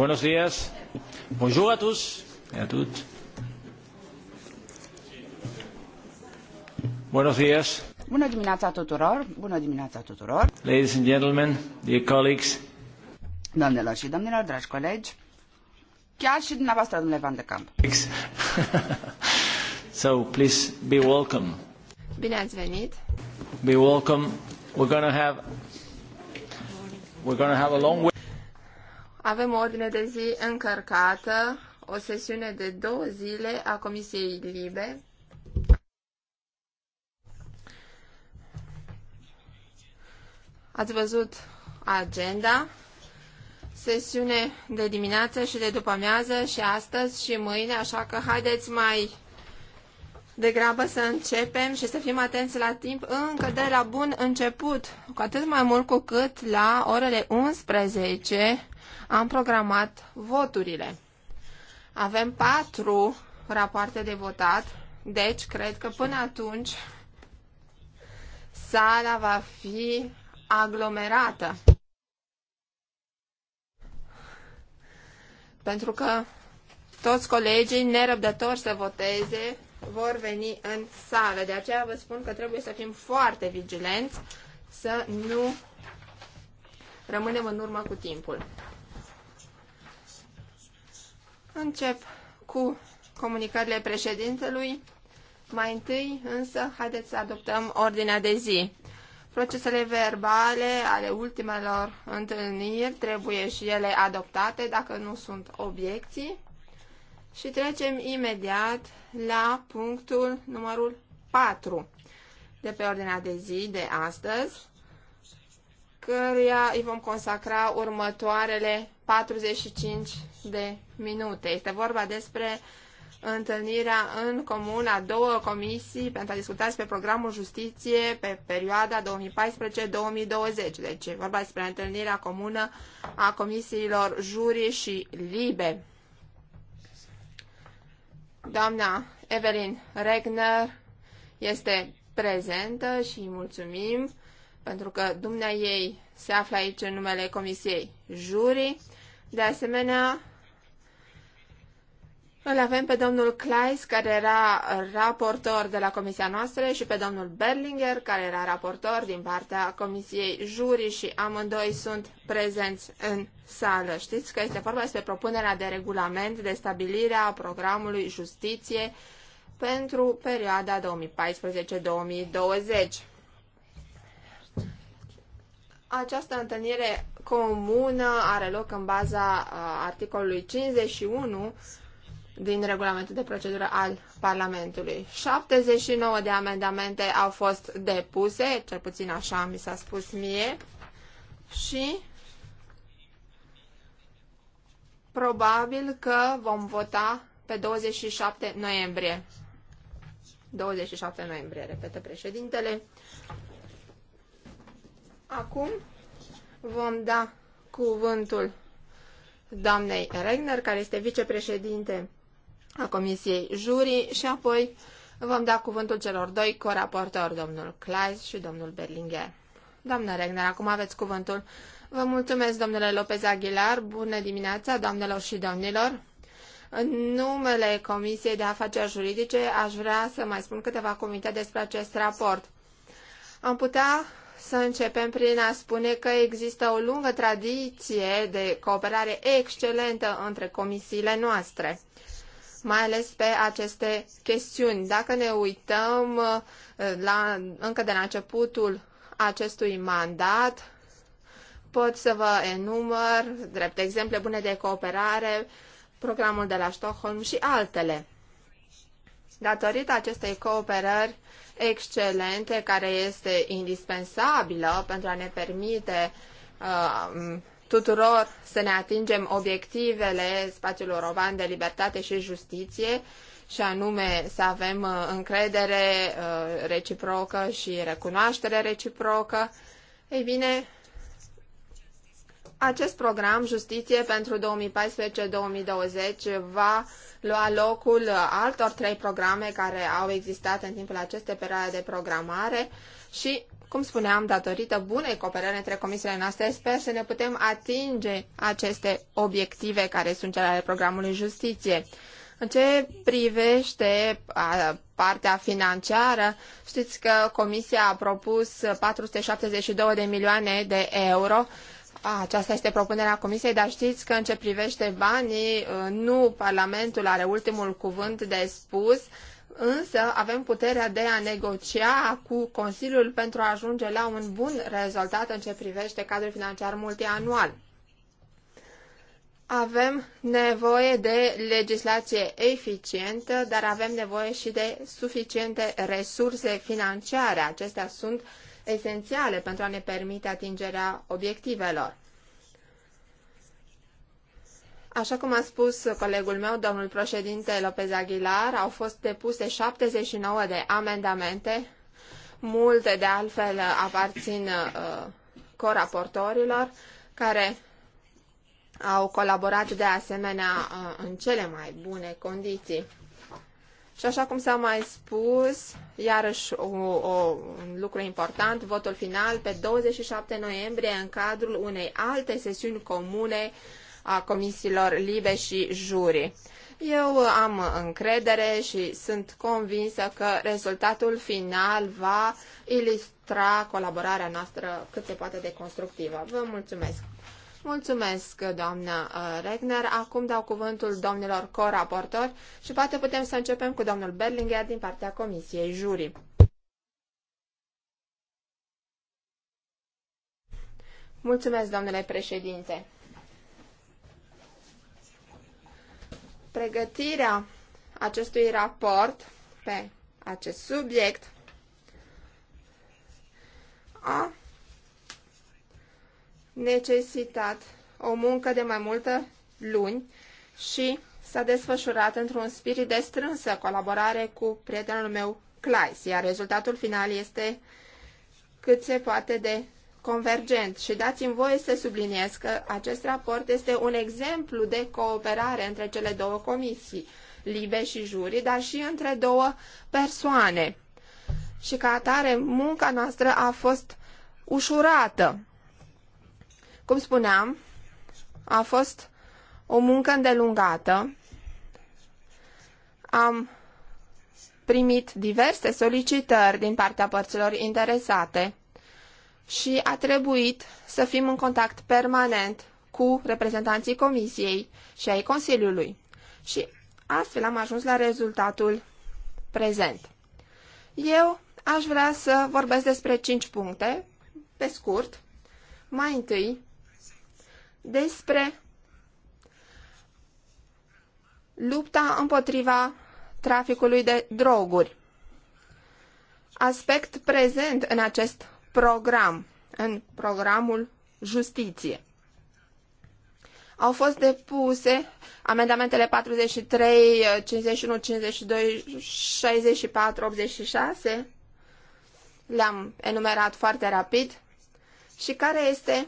Buenos días. Bonjour à tous et à toutes. Buenos días. Bună dimineața tuturor. Bună dimineața tuturor. Ladies and gentlemen, dear colleagues. Doamnelor și domnilor, dragi colegi. Chiar și dumneavoastră, domnule Van de Camp. so, please be welcome. Bine ați venit. Be welcome. We're going to have We're going to have a long avem o ordine de zi încărcată, o sesiune de două zile a Comisiei Libe. Ați văzut agenda, sesiune de dimineață și de după amiază și astăzi și mâine, așa că haideți mai degrabă să începem și să fim atenți la timp încă de la bun început, cu atât mai mult cu cât la orele 11 am programat voturile. Avem patru rapoarte de votat, deci cred că până atunci sala va fi aglomerată. Pentru că toți colegii nerăbdători să voteze vor veni în sală. De aceea vă spun că trebuie să fim foarte vigilenți, să nu rămânem în urmă cu timpul. Încep cu comunicările președintelui. Mai întâi, însă, haideți să adoptăm ordinea de zi. Procesele verbale ale ultimelor întâlniri trebuie și ele adoptate dacă nu sunt obiecții. Și trecem imediat la punctul numărul 4 de pe ordinea de zi de astăzi, căruia îi vom consacra următoarele 45 de minute. Este vorba despre întâlnirea în comun a două comisii pentru a discuta despre programul justiție pe perioada 2014-2020. Deci e vorba despre întâlnirea comună a comisiilor juri și libe. Doamna Evelyn Regner este prezentă și îi mulțumim pentru că dumnea ei se află aici în numele Comisiei Jurii. De asemenea, îl avem pe domnul Kleis, care era raportor de la comisia noastră, și pe domnul Berlinger, care era raportor din partea comisiei juri și amândoi sunt prezenți în sală. Știți că este vorba despre propunerea de regulament de stabilire a programului justiție pentru perioada 2014-2020. Această întâlnire comună are loc în baza uh, articolului 51 din regulamentul de procedură al Parlamentului. 79 de amendamente au fost depuse, cel puțin așa mi s-a spus mie, și probabil că vom vota pe 27 noiembrie. 27 noiembrie, repetă președintele. Acum vom da cuvântul doamnei Regner, care este vicepreședinte a Comisiei Juri și apoi vom da cuvântul celor doi coraportori, domnul Claes și domnul Berlinger. Doamna Regner, acum aveți cuvântul. Vă mulțumesc, domnule Lopez Aguilar. Bună dimineața, doamnelor și domnilor. În numele Comisiei de Afaceri Juridice aș vrea să mai spun câteva cuvinte despre acest raport. Am putea să începem prin a spune că există o lungă tradiție de cooperare excelentă între comisiile noastre, mai ales pe aceste chestiuni. Dacă ne uităm uh, la, încă de la începutul acestui mandat, pot să vă enumăr, drept exemple bune de cooperare, programul de la Stockholm și altele. Datorită acestei cooperări, excelente care este indispensabilă pentru a ne permite uh, tuturor să ne atingem obiectivele spațiului european de libertate și justiție și anume să avem uh, încredere uh, reciprocă și recunoaștere reciprocă. Ei bine, acest program Justiție pentru 2014-2020 va lua locul altor trei programe care au existat în timpul acestei perioade de programare și, cum spuneam, datorită bunei cooperări între comisiile noastre, sper să ne putem atinge aceste obiective care sunt cele ale programului Justiție. În ce privește partea financiară, știți că Comisia a propus 472 de milioane de euro aceasta este propunerea Comisiei, dar știți că în ce privește banii, uh, nu Parlamentul are ultimul cuvânt de spus, însă avem puterea de a negocia cu Consiliul pentru a ajunge la un bun rezultat în ce privește cadrul financiar multianual. Avem nevoie de legislație eficientă, dar avem nevoie și de suficiente resurse financiare. Acestea sunt uh, esențiale pentru a ne permite atingerea obiectivelor. Așa cum a spus colegul meu, domnul președinte Lopez Aguilar, au fost depuse 79 de amendamente, multe de altfel aparțin uh, coraportorilor, care au colaborat de asemenea uh, în cele mai bune condiții. Și așa cum s-a mai spus, iarăși o, o, un lucru important, votul final pe 27 noiembrie în cadrul unei alte sesiuni comune a comisiilor libe și juri. Eu am încredere și sunt convinsă că rezultatul final va ilustra colaborarea noastră cât se poate de constructivă. Vă mulțumesc! Mulțumesc, doamna uh, Regner. Acum dau cuvântul domnilor co-raportori și poate putem să începem cu domnul Berlinger din partea Comisiei Juri. Mulțumesc, domnule președinte. Pregătirea acestui raport pe acest subiect a necesitat o muncă de mai multe luni și s-a desfășurat într-un spirit de strânsă colaborare cu prietenul meu, Clais, iar rezultatul final este cât se poate de convergent. Și dați-mi voie să subliniez că acest raport este un exemplu de cooperare între cele două comisii, libe și juri, dar și între două persoane. Și ca atare, munca noastră a fost ușurată. Cum spuneam, a fost o muncă îndelungată. Am primit diverse solicitări din partea părților interesate și a trebuit să fim în contact permanent cu reprezentanții Comisiei și ai Consiliului. Și astfel am ajuns la rezultatul prezent. Eu aș vrea să vorbesc despre cinci puncte, pe scurt. Mai întâi, despre lupta împotriva traficului de droguri. Aspect prezent în acest program, în programul Justiție. Au fost depuse amendamentele 43, 51, 52, 64, 86. Le-am enumerat foarte rapid. Și care este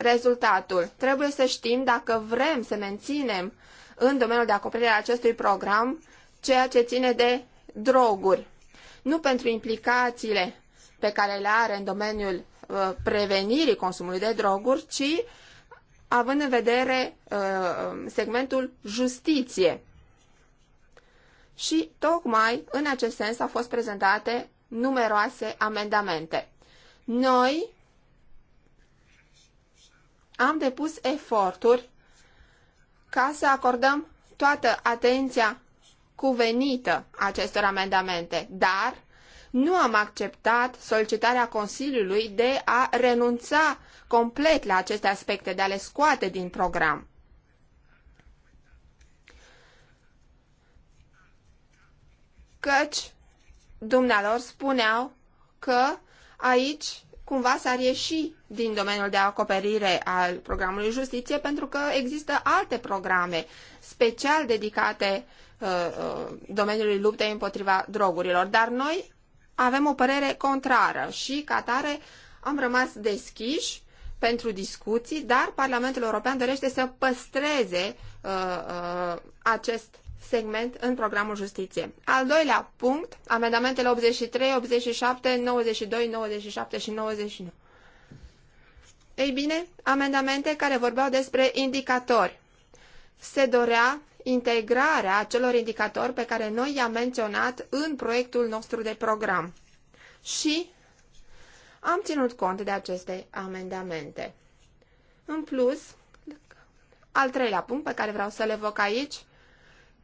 rezultatul. Trebuie să știm dacă vrem să menținem în domeniul de acoperire a acestui program ceea ce ține de droguri. Nu pentru implicațiile pe care le are în domeniul uh, prevenirii consumului de droguri, ci având în vedere uh, segmentul justiție. Și tocmai în acest sens au fost prezentate numeroase amendamente. Noi am depus eforturi ca să acordăm toată atenția cuvenită acestor amendamente, dar nu am acceptat solicitarea Consiliului de a renunța complet la aceste aspecte, de a le scoate din program. Căci dumnealor spuneau că aici cumva s-ar ieși din domeniul de acoperire al programului justiție pentru că există alte programe special dedicate uh, uh, domeniului luptei împotriva drogurilor, dar noi avem o părere contrară și ca tare am rămas deschiși pentru discuții, dar Parlamentul European dorește să păstreze uh, uh acest segment în programul justiție. Al doilea punct, amendamentele 83, 87, 92, 97 și 99. Ei bine, amendamente care vorbeau despre indicatori. Se dorea integrarea acelor indicatori pe care noi i-am menționat în proiectul nostru de program. Și am ținut cont de aceste amendamente. În plus, al treilea punct pe care vreau să-l evoc aici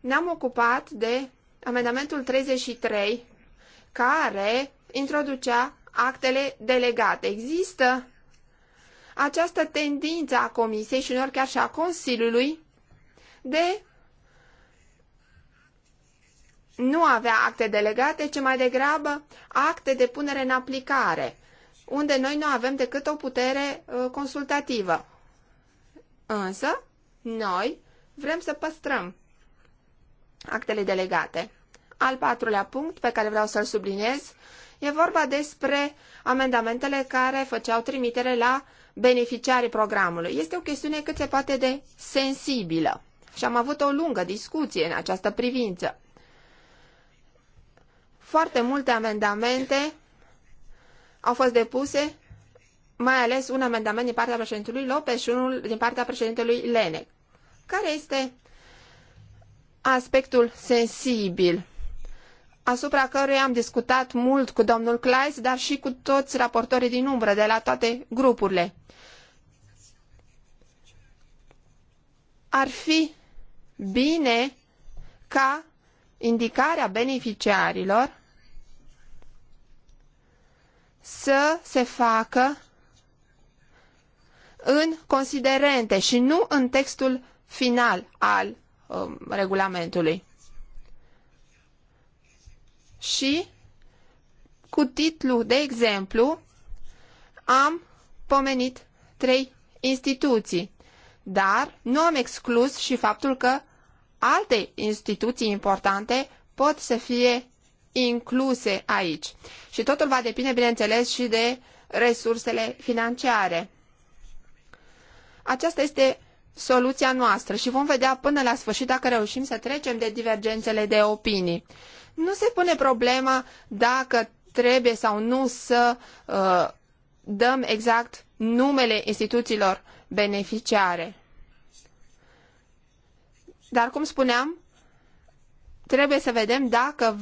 ne-am ocupat de amendamentul 33 care introducea actele delegate. Există această tendință a Comisiei și unor chiar și a Consiliului de nu avea acte delegate, ci mai degrabă acte de punere în aplicare, unde noi nu avem decât o putere uh, consultativă. Însă, noi vrem să păstrăm actele delegate. Al patrulea punct pe care vreau să-l subliniez e vorba despre amendamentele care făceau trimitere la beneficiarii programului. Este o chestiune cât se poate de sensibilă și am avut o lungă discuție în această privință. Foarte multe amendamente au fost depuse, mai ales un amendament din partea președintelui Lopes și unul din partea președintelui Lenec. Care este aspectul sensibil asupra căruia am discutat mult cu domnul Claeys, dar și cu toți raportorii din umbră de la toate grupurile. Ar fi bine ca indicarea beneficiarilor să se facă în considerente și nu în textul final al Um, regulamentului. Și cu titlu de exemplu am pomenit trei instituții, dar nu am exclus și faptul că alte instituții importante pot să fie incluse aici. Și totul va depinde, bineînțeles, și de resursele financiare. Aceasta este soluția noastră și vom vedea până la sfârșit dacă reușim să trecem de divergențele de opinii. Nu se pune problema dacă trebuie sau nu să uh, dăm exact numele instituțiilor beneficiare. Dar, cum spuneam, trebuie să vedem dacă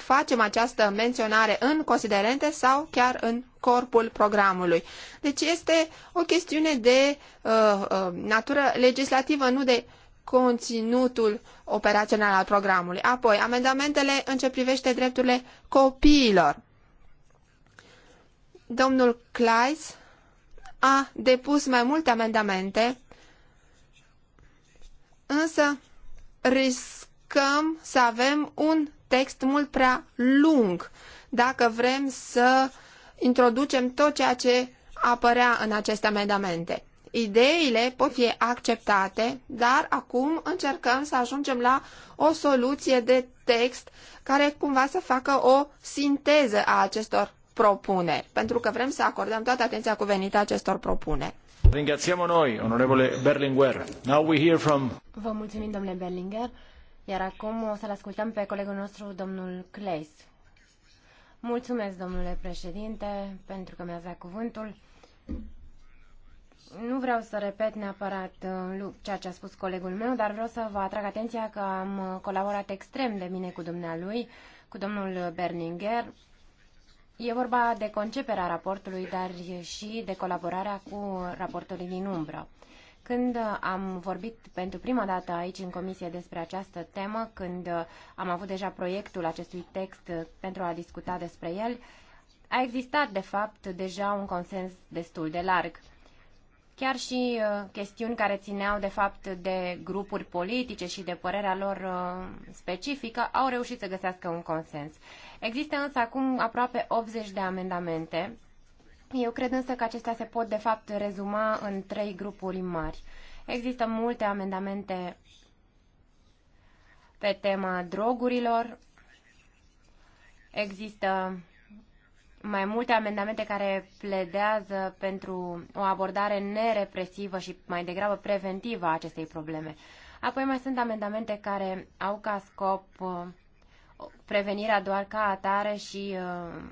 facem această menționare în considerente sau chiar în corpul programului. Deci este o chestiune de uh, uh, natură legislativă, nu de conținutul operațional al programului. Apoi, amendamentele în ce privește drepturile copiilor. Domnul Kleis a depus mai multe amendamente, însă risc riscăm să avem un text mult prea lung dacă vrem să introducem tot ceea ce apărea în aceste amendamente. Ideile pot fi acceptate, dar acum încercăm să ajungem la o soluție de text care cumva să facă o sinteză a acestor propuneri, pentru că vrem să acordăm toată atenția cuvenită acestor propuneri. Ringrațiamo noi, onorevole Berlinguer. Now we hear from... Vă mulțumim, domnule Berlinguer. Iar acum o să-l ascultăm pe colegul nostru, domnul Cleis. Mulțumesc, domnule președinte, pentru că mi a dat cuvântul. Nu vreau să repet neapărat uh, ceea ce a spus colegul meu, dar vreau să vă atrag atenția că am uh, colaborat extrem de bine cu dumnealui, cu domnul Berninger. E vorba de conceperea raportului, dar și de colaborarea cu raportorii din umbră. Când am vorbit pentru prima dată aici în comisie despre această temă, când am avut deja proiectul acestui text pentru a discuta despre el, a existat, de fapt, deja un consens destul de larg. Chiar și uh, chestiuni care țineau, de fapt, de grupuri politice și de părerea lor uh, specifică au reușit să găsească un consens. Există însă acum aproape 80 de amendamente eu cred însă că acestea se pot, de fapt, rezuma în trei grupuri mari. Există multe amendamente pe tema drogurilor, există mai multe amendamente care pledează pentru o abordare nerepresivă și mai degrabă preventivă a acestei probleme. Apoi mai sunt amendamente care au ca scop uh, prevenirea doar ca atare și uh,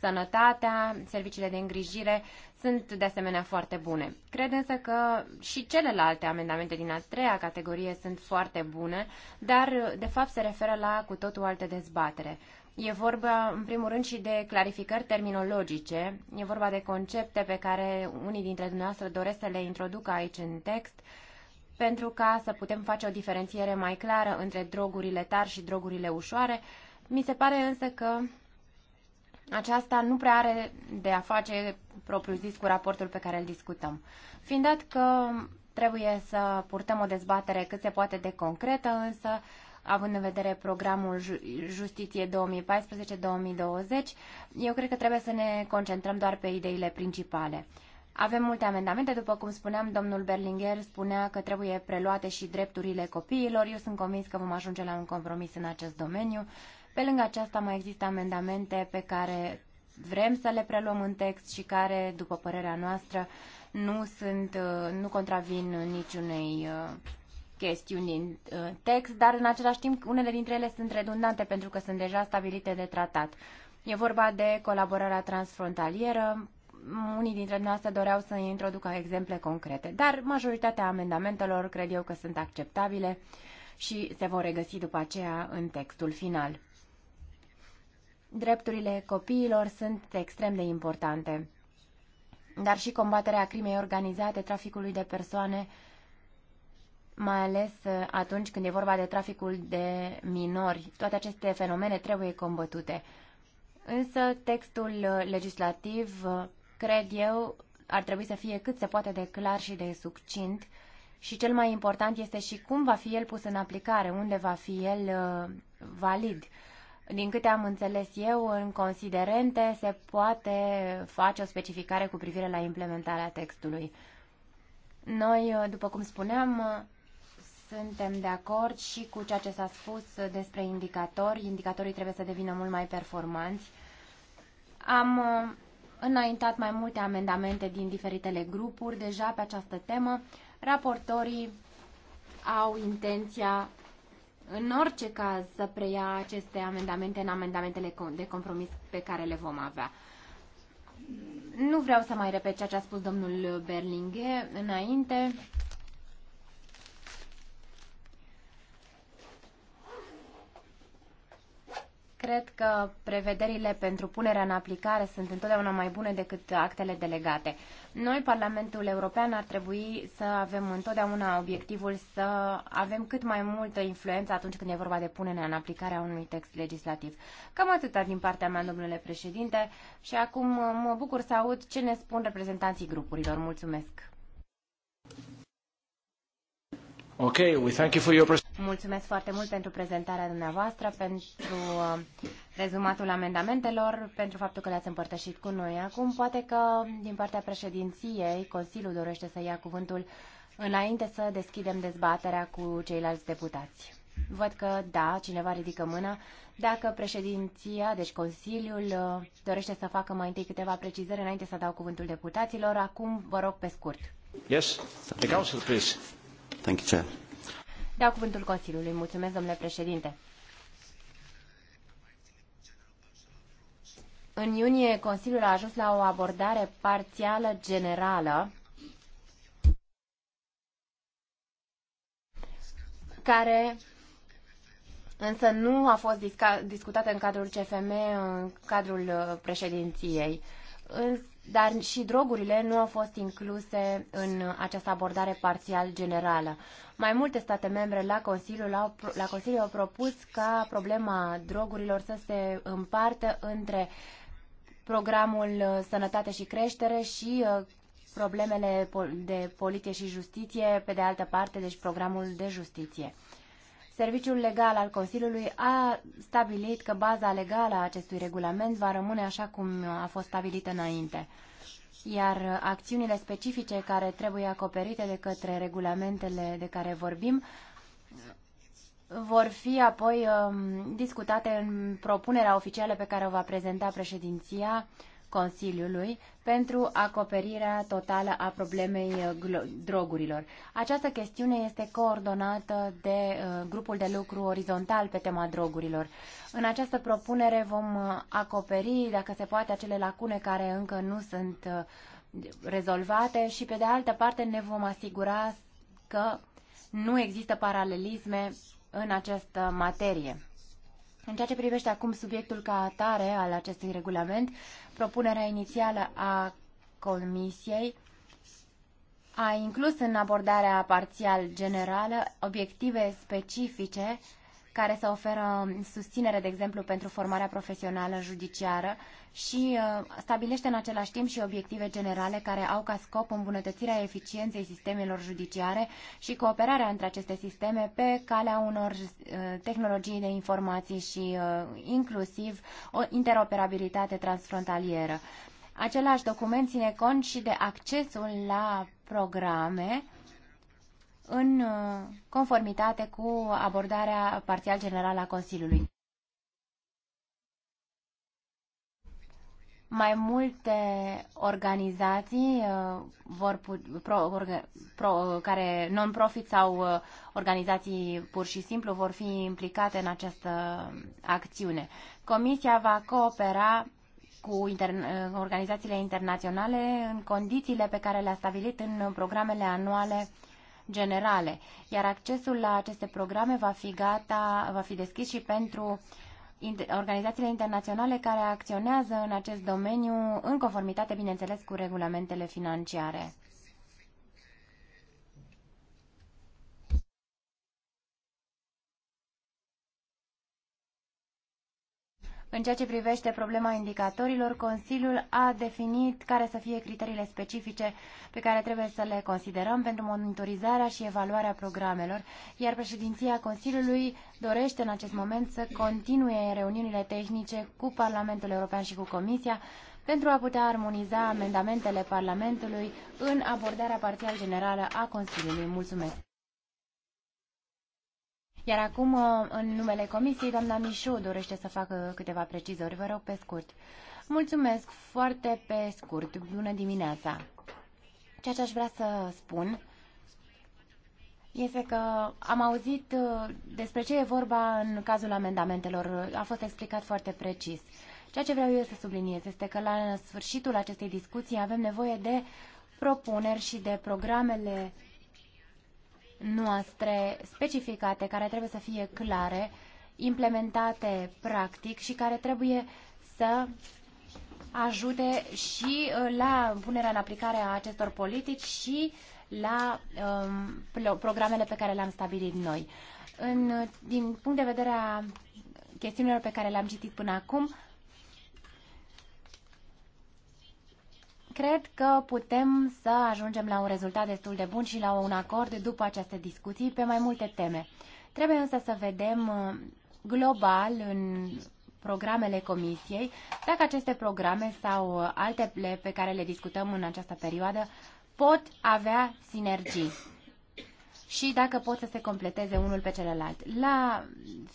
sănătatea, serviciile de îngrijire sunt de asemenea foarte bune. Cred însă că și celelalte amendamente din a treia categorie sunt foarte bune, dar de fapt se referă la cu totul alte dezbatere. E vorba, în primul rând, și de clarificări terminologice. E vorba de concepte pe care unii dintre dumneavoastră doresc să le introducă aici în text, pentru ca să putem face o diferențiere mai clară între drogurile tari și drogurile ușoare. Mi se pare însă că aceasta nu prea are de a face propriu-zis cu raportul pe care îl discutăm. Fiind dat că trebuie să purtăm o dezbatere cât se poate de concretă, însă având în vedere programul Justiție 2014-2020, eu cred că trebuie să ne concentrăm doar pe ideile principale. Avem multe amendamente, după cum spuneam, domnul Berlinger spunea că trebuie preluate și drepturile copiilor. Eu sunt convins că vom ajunge la un compromis în acest domeniu pe lângă aceasta mai există amendamente pe care vrem să le preluăm în text și care, după părerea noastră, nu, sunt, uh, nu contravin niciunei uh, chestiuni din uh, text, dar în același timp unele dintre ele sunt redundante pentru că sunt deja stabilite de tratat. E vorba de colaborarea transfrontalieră. Unii dintre noastre doreau să introducă exemple concrete, dar majoritatea amendamentelor cred eu că sunt acceptabile și se vor regăsi după aceea în textul final drepturile copiilor sunt extrem de importante. Dar și combaterea crimei organizate, traficului de persoane, mai ales uh, atunci când e vorba de traficul de minori. Toate aceste fenomene trebuie combătute. Însă textul uh, legislativ, uh, cred eu, ar trebui să fie cât se poate de clar și de succint și cel mai important este și cum va fi el pus în aplicare, unde va fi el valid. Din câte am înțeles eu, în considerente se poate face o specificare cu privire la implementarea textului. Noi, după cum spuneam, suntem de acord și cu ceea ce s-a spus despre indicatori. Indicatorii trebuie să devină mult mai performanți. Am uh, înaintat mai multe amendamente din diferitele grupuri deja pe această temă. Raportorii au intenția în orice caz să preia aceste amendamente în amendamentele de compromis pe care le vom avea. Nu vreau să mai repet ceea ce a spus domnul Berlinghe înainte. Cred că prevederile pentru punerea în aplicare sunt întotdeauna mai bune decât actele delegate. Noi, Parlamentul European, ar trebui să avem întotdeauna obiectivul să avem cât mai multă influență atunci când e vorba de punerea în aplicare a unui text legislativ. Cam atâta din partea mea, domnule președinte, și acum mă bucur să aud ce ne spun reprezentanții grupurilor. Mulțumesc! Okay, we thank you for your Mulțumesc foarte mult pentru prezentarea dumneavoastră, pentru uh, rezumatul amendamentelor, pentru faptul că le-ați împărtășit cu noi. Acum, poate că din partea președinției, Consiliul dorește să ia cuvântul înainte să deschidem dezbaterea cu ceilalți deputați. Văd că, da, cineva ridică mâna. Dacă președinția, deci Consiliul, uh, dorește să facă mai întâi câteva precizări înainte să dau cuvântul deputaților, acum vă rog pe scurt. Yes, the council, please. Thank you, Chair. Dau cuvântul Consiliului. Mulțumesc, domnule președinte. În iunie, Consiliul a ajuns la o abordare parțială generală care însă nu a fost discutată în cadrul CFM, în cadrul uh, președinției dar și drogurile nu au fost incluse în această abordare parțial generală. Mai multe state membre la Consiliu au, la Consiliu au propus ca problema drogurilor să se împartă între programul uh, Sănătate și Creștere și uh, problemele de poliție și justiție, pe de altă parte, deci programul de justiție. Serviciul legal al Consiliului a stabilit că baza legală a acestui regulament va rămâne așa cum a fost stabilită înainte, iar acțiunile specifice care trebuie acoperite de către regulamentele de care vorbim vor fi apoi um, discutate în propunerea oficială pe care o va prezenta președinția uh, Consiliului pentru acoperirea totală a problemei uh, drogurilor. Această chestiune este coordonată de uh, grupul de lucru orizontal pe tema drogurilor. În această propunere vom uh, acoperi, dacă se poate, acele lacune care încă nu sunt rezolvate și, pe de altă parte, ne vom asigura că nu există paralelisme în această materie. În ceea ce privește acum subiectul ca atare al acestui regulament, propunerea inițială a Comisiei a inclus în abordarea parțial generală obiective specifice care să oferă susținere, de exemplu, pentru formarea profesională judiciară și uh, stabilește în același timp și obiective generale care au ca scop îmbunătățirea eficienței sistemelor judiciare și cooperarea între aceste sisteme pe calea unor uh, tehnologii de informații și uh, inclusiv o interoperabilitate transfrontalieră. Același document ține cont și de accesul la programe în uh, conformitate cu abordarea parțial generală a Consiliului. Mai multe organizații uh, vor pro, pro, care non-profit sau uh, organizații pur și simplu vor fi implicate în această acțiune. Comisia va coopera cu interna organizațiile internaționale în condițiile pe care le-a stabilit în programele anuale uh, generale, iar accesul la aceste programe va fi gata, va fi deschis și pentru organizațiile internaționale care acționează în acest domeniu în conformitate, bineînțeles, cu regulamentele financiare. În ceea ce privește problema indicatorilor, Consiliul a definit care să fie criteriile specifice pe care trebuie să le considerăm pentru monitorizarea și evaluarea programelor, iar președinția Consiliului dorește în acest moment să continue reuniunile tehnice cu Parlamentul European și cu Comisia pentru a putea armoniza amendamentele Parlamentului în abordarea parțial generală a Consiliului. Mulțumesc! Iar acum, uh, în numele Comisiei, doamna Mișu dorește să facă câteva precizări. Vă rog, pe scurt. Mulțumesc foarte pe scurt. Bună dimineața. Ceea ce aș vrea să spun este că am auzit uh, despre ce e vorba în cazul amendamentelor. A fost explicat foarte precis. Ceea ce vreau eu să subliniez este că la sfârșitul acestei discuții avem nevoie de propuneri și de programele noastre specificate, care trebuie să fie clare, implementate practic și care trebuie să ajute și uh, la punerea în aplicare a acestor politici și la um, programele pe care le-am stabilit noi. În, din punct de vedere a chestiunilor pe care le-am citit până acum, cred că putem să ajungem la un rezultat destul de bun și la un acord după aceste discuții pe mai multe teme. Trebuie însă să vedem uh, global în programele comisiei, dacă aceste programe sau uh, altele pe care le discutăm în această perioadă pot avea sinergii și dacă pot să se completeze unul pe celălalt. La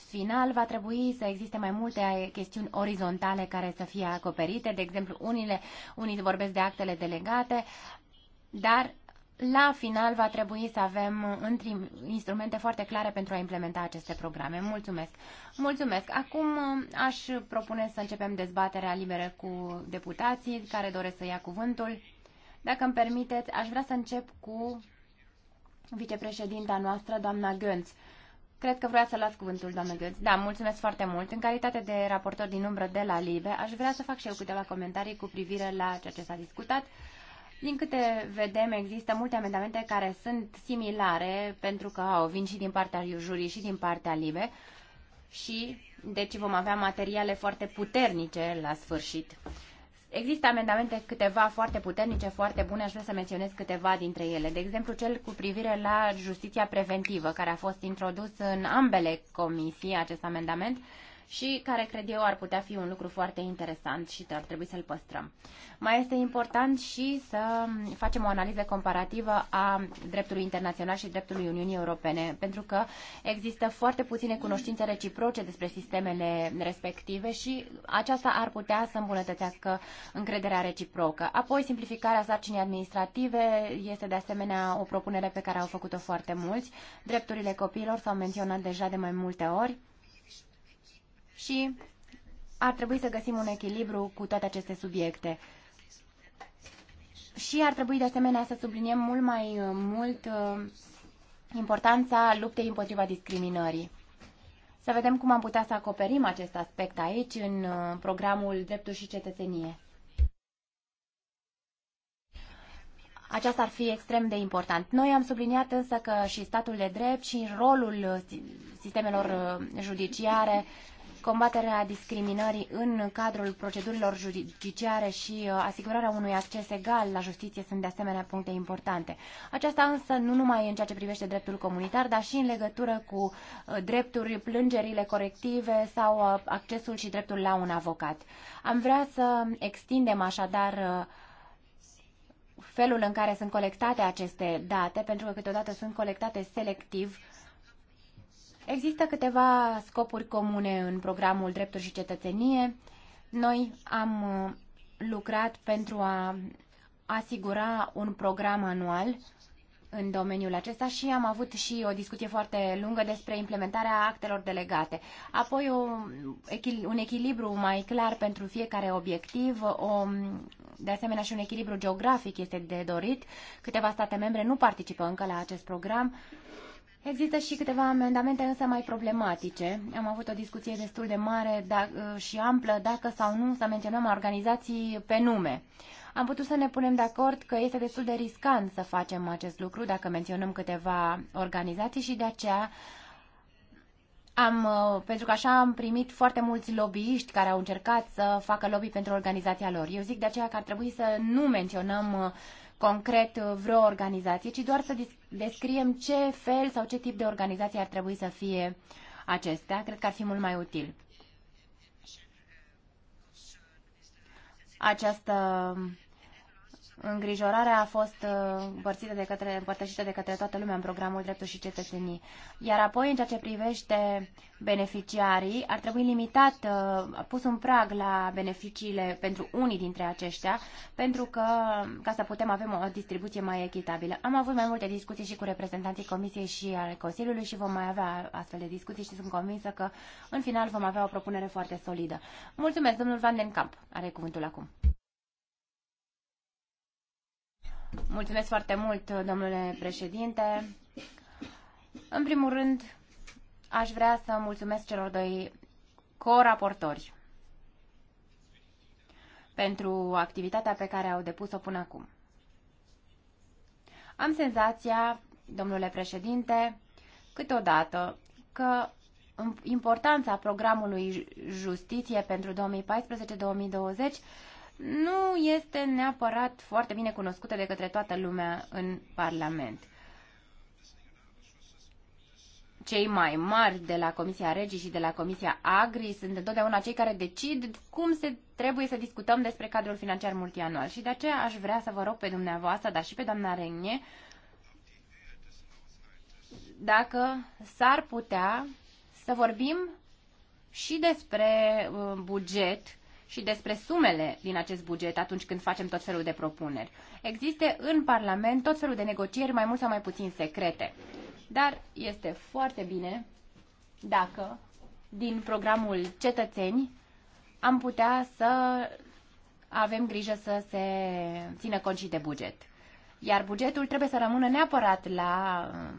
final va trebui să existe mai multe chestiuni orizontale care să fie acoperite, de exemplu, unile, unii vorbesc de actele delegate, dar la final va trebui să avem instrumente foarte clare pentru a implementa aceste programe. Mulțumesc! Mulțumesc! Acum uh, aș propune să începem dezbaterea liberă cu deputații care doresc să ia cuvântul. Dacă îmi permiteți, aș vrea să încep cu vicepreședinta noastră, doamna Gânț. Cred că vrea să las cuvântul, doamnă Gânț. Da, mulțumesc foarte mult. În calitate de raportor din umbră de la LIBE, aș vrea să fac și eu câteva comentarii cu privire la ceea ce s-a discutat. Din câte vedem, există multe amendamente care sunt similare, pentru că au, vin și din partea jurii și din partea LIBE și deci vom avea materiale foarte puternice la sfârșit. Există amendamente câteva foarte puternice, foarte bune, aș vrea să menționez câteva dintre ele. De exemplu, cel cu privire la justiția preventivă, care a fost introdus în ambele comisii, acest amendament, și care cred eu ar putea fi un lucru foarte interesant și ar trebui să-l păstrăm. Mai este important și să facem o analiză comparativă a dreptului internațional și dreptului Uniunii Europene, pentru că există foarte puține cunoștințe reciproce despre sistemele respective și aceasta ar putea să îmbunătățească încrederea reciprocă. Apoi, simplificarea sarcinii administrative este de asemenea o propunere pe care au făcut-o foarte mulți. Drepturile copiilor s-au menționat deja de mai multe ori și ar trebui să găsim un echilibru cu toate aceste subiecte. Și ar trebui de asemenea să subliniem mult mai uh, mult uh, importanța luptei împotriva discriminării. Să vedem cum am putea să acoperim acest aspect aici în uh, programul Dreptul și Cetățenie. Aceasta ar fi extrem de important. Noi am subliniat însă că și statul de drept și rolul sistemelor judiciare combaterea discriminării în cadrul procedurilor judiciare și uh, asigurarea unui acces egal la justiție sunt de asemenea puncte importante. Aceasta însă nu numai în ceea ce privește dreptul comunitar, dar și în legătură cu uh, drepturi, plângerile corective sau uh, accesul și dreptul la un avocat. Am vrea să extindem așadar felul în care sunt colectate aceste date, pentru că câteodată sunt colectate selectiv Există câteva scopuri comune în programul Drepturi și Cetățenie. Noi am uh, lucrat pentru a asigura un program anual în domeniul acesta și am avut și o discuție foarte lungă despre implementarea actelor delegate. Apoi o, un echilibru mai clar pentru fiecare obiectiv, o, de asemenea și un echilibru geografic este de dorit. Câteva state membre nu participă încă la acest program Există și câteva amendamente însă mai problematice. Am avut o discuție destul de mare da, și amplă dacă sau nu să menționăm organizații pe nume. Am putut să ne punem de acord că este destul de riscant să facem acest lucru dacă menționăm câteva organizații și de aceea am, pentru că așa am primit foarte mulți lobbyiști care au încercat să facă lobby pentru organizația lor. Eu zic de aceea că ar trebui să nu menționăm uh, concret uh, vreo organizație, ci doar să descriem ce fel sau ce tip de organizație ar trebui să fie acestea. Cred că ar fi mult mai util. Această Îngrijorarea a fost uh, împărțită de către, împărtășită de către toată lumea în programul Dreptul și Cetățenii. Iar apoi, în ceea ce privește beneficiarii, ar trebui limitat, a uh, pus un prag la beneficiile pentru unii dintre aceștia, pentru că, ca să putem avea o distribuție mai echitabilă. Am avut mai multe discuții și cu reprezentanții Comisiei și al Consiliului și vom mai avea astfel de discuții și sunt convinsă că, în final, vom avea o propunere foarte solidă. Mulțumesc, domnul Van den Camp. Are cuvântul acum. Mulțumesc foarte mult, domnule președinte. În primul rând, aș vrea să mulțumesc celor doi co-raportori pentru activitatea pe care au depus-o până acum. Am senzația, domnule președinte, câteodată că importanța programului Justiție pentru 2014-2020 nu este neapărat foarte bine cunoscută de către toată lumea în Parlament. Cei mai mari de la Comisia Regii și de la Comisia Agri sunt întotdeauna cei care decid cum se trebuie să discutăm despre cadrul financiar multianual și de aceea aș vrea să vă rog pe dumneavoastră, dar și pe doamna Regne, dacă s-ar putea să vorbim și despre uh, buget și despre sumele din acest buget atunci când facem tot felul de propuneri. Există în Parlament tot felul de negocieri, mai mult sau mai puțin secrete. Dar este foarte bine dacă din programul Cetățeni am putea să avem grijă să se țină cont și de buget. Iar bugetul trebuie să rămână neapărat la uh,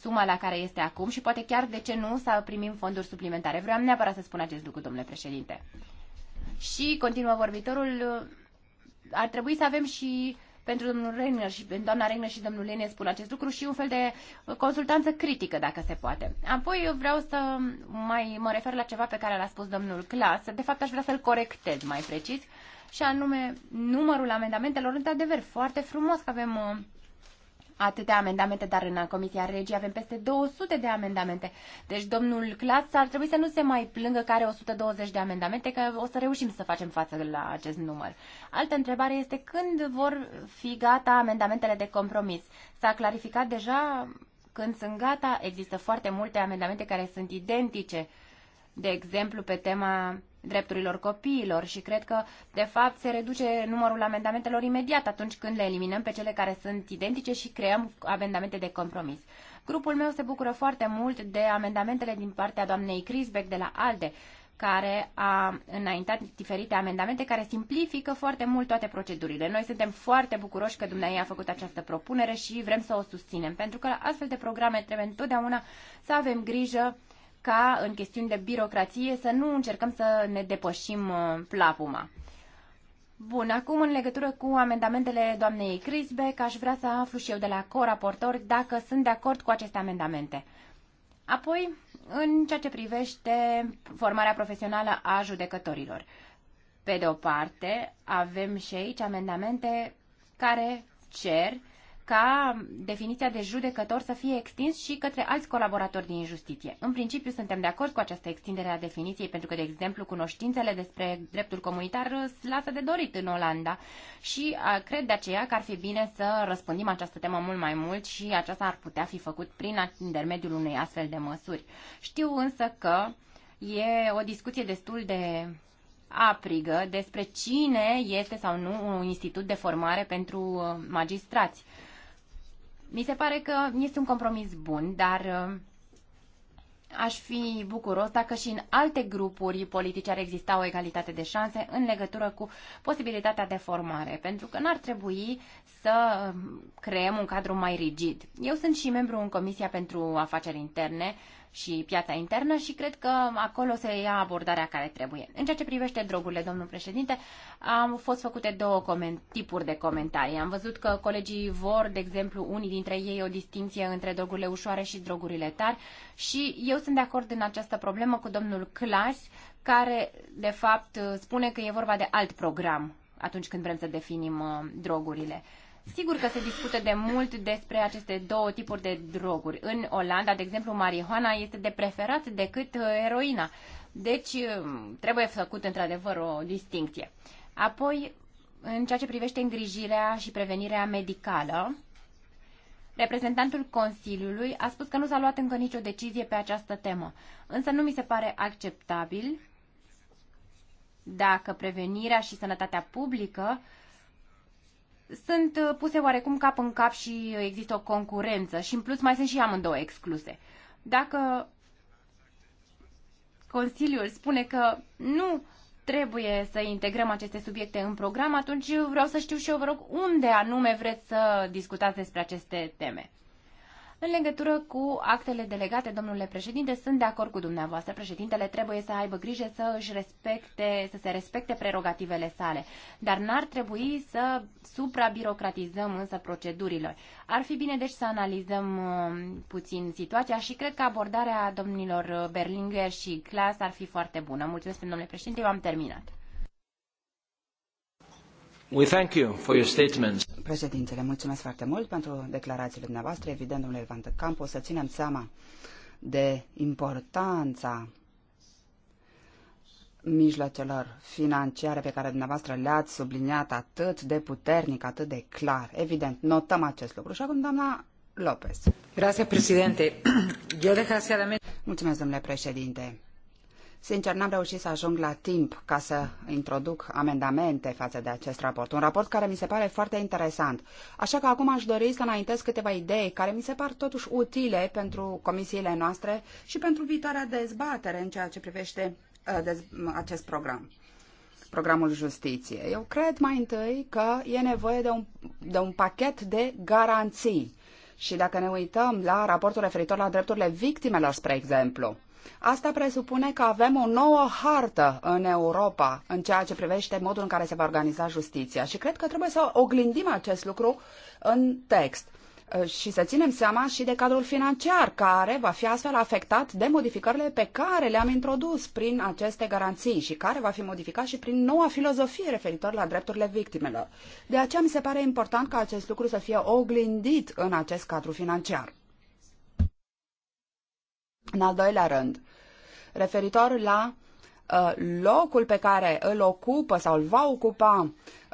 suma la care este acum și poate chiar, de ce nu, să primim fonduri suplimentare. Vreau neapărat să spun acest lucru, domnule președinte. Și, continuă vorbitorul, ar trebui să avem și pentru domnul Regner și doamna Regner și domnul Lene spun acest lucru și un fel de consultanță critică, dacă se poate. Apoi vreau să mai mă refer la ceva pe care l-a spus domnul Clas. De fapt, aș vrea să-l corectez mai precis și anume numărul amendamentelor. Într-adevăr, foarte frumos că avem uh, atâtea amendamente, dar în Comisia Regii avem peste 200 de amendamente. Deci domnul Clas ar trebui să nu se mai plângă că are 120 de amendamente, că o să reușim să facem față la acest număr. Altă întrebare este când vor fi gata amendamentele de compromis. S-a clarificat deja când sunt gata, există foarte multe amendamente care sunt identice uh, de exemplu, pe tema drepturilor copiilor și cred că, de fapt, se reduce numărul amendamentelor imediat atunci când le eliminăm pe cele care sunt identice și creăm amendamente de compromis. Grupul meu se bucură foarte mult de amendamentele din partea doamnei Crisbeck de la ALDE, care a înaintat diferite amendamente care simplifică foarte mult toate procedurile. Noi suntem foarte bucuroși că dumneavoastră a făcut această propunere și vrem să o susținem, pentru că la astfel de programe trebuie întotdeauna să avem grijă ca în chestiuni de birocrație să nu încercăm să ne depășim uh, plapuma. Bun, acum în legătură cu amendamentele doamnei Crisbeck, aș vrea să aflu și eu de la coraportori dacă sunt de acord cu aceste amendamente. Apoi, în ceea ce privește formarea profesională a judecătorilor. Pe de o parte, avem și aici amendamente care cer ca definiția de judecător să fie extins și către alți colaboratori din justiție. În principiu suntem de acord cu această extindere a definiției, pentru că, de exemplu, cunoștințele despre dreptul comunitar se lasă de dorit în Olanda și a, cred de aceea că ar fi bine să răspândim această temă mult mai mult și aceasta ar putea fi făcut prin intermediul unei astfel de măsuri. Știu însă că e o discuție destul de aprigă despre cine este sau nu un institut de formare pentru uh, magistrați. Mi se pare că este un compromis bun, dar uh, aș fi bucuros dacă și în alte grupuri politice ar exista o egalitate de șanse în legătură cu posibilitatea de formare, pentru că n-ar trebui să uh, creăm un cadru mai rigid. Eu sunt și membru în Comisia pentru Afaceri Interne și piața internă și cred că acolo se ia abordarea care trebuie. În ceea ce privește drogurile, domnul președinte, am fost făcute două tipuri de comentarii. Am văzut că colegii vor, de exemplu, unii dintre ei o distinție între drogurile ușoare și drogurile tari și eu sunt de acord în această problemă cu domnul Clas, care, de fapt, spune că e vorba de alt program atunci când vrem să definim uh, drogurile. Sigur că se discută de mult despre aceste două tipuri de droguri. În Olanda, de exemplu, marihuana este de preferat decât uh, eroina. Deci um, trebuie făcut într-adevăr o distincție. Apoi, în ceea ce privește îngrijirea și prevenirea medicală, reprezentantul Consiliului a spus că nu s-a luat încă nicio decizie pe această temă. Însă nu mi se pare acceptabil dacă prevenirea și sănătatea publică sunt uh, puse oarecum cap în cap și există o concurență și în plus mai sunt și amândouă excluse. Dacă Consiliul spune că nu trebuie să integrăm aceste subiecte în program, atunci vreau să știu și eu, vă rog, unde anume vreți să discutați despre aceste teme. În legătură cu actele delegate, domnule președinte, sunt de acord cu dumneavoastră. Președintele trebuie să aibă grijă să își respecte, să se respecte prerogativele sale, dar n-ar trebui să suprabirocratizăm însă procedurile. Ar fi bine deci să analizăm uh, puțin situația și cred că abordarea domnilor uh, Berlinger și Clas ar fi foarte bună. Mulțumesc, domnule președinte, eu am terminat. Președintele, mulțumesc foarte mult pentru declarațiile dumneavoastră. Evident, domnule Van de o să ținem seama de importanța mijloacelor financiare pe care dumneavoastră le-ați subliniat atât de puternic, atât de clar. Evident, notăm acest lucru. Și acum, doamna Lopez. Mulțumesc, domnule președinte. Sincer, n-am reușit să ajung la timp ca să introduc amendamente față de acest raport. Un raport care mi se pare foarte interesant. Așa că acum aș dori să înaintez câteva idei care mi se par totuși utile pentru comisiile noastre și pentru viitoarea dezbatere în ceea ce privește uh, acest program programul justiție. Eu cred mai întâi că e nevoie de un, de un pachet de garanții. Și dacă ne uităm la raportul referitor la drepturile victimelor, spre exemplu, Asta presupune că avem o nouă hartă în Europa în ceea ce privește modul în care se va organiza justiția și cred că trebuie să oglindim acest lucru în text uh, și să ținem seama și de cadrul financiar, care va fi astfel afectat de modificările pe care le-am introdus prin aceste garanții și care va fi modificat și prin noua filozofie referitor la drepturile victimelor. De aceea mi se pare important ca acest lucru să fie oglindit în acest cadru financiar. În al doilea rând, referitor la uh, locul pe care îl ocupă sau îl va ocupa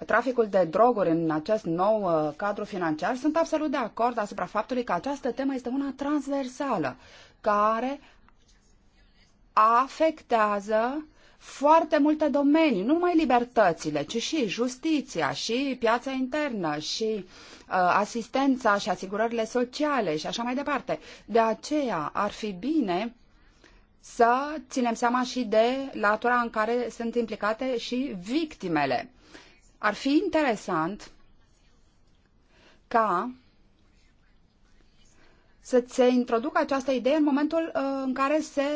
traficul de droguri în acest nou uh, cadru financiar, sunt absolut de acord asupra faptului că această temă este una transversală, care afectează foarte multe domenii, nu numai libertățile, ci și justiția, și piața internă, și uh, asistența și asigurările sociale și așa mai departe. De aceea ar fi bine să ținem seama și de latura în care sunt implicate și victimele. Ar fi interesant ca să se introducă această idee în momentul uh, în care se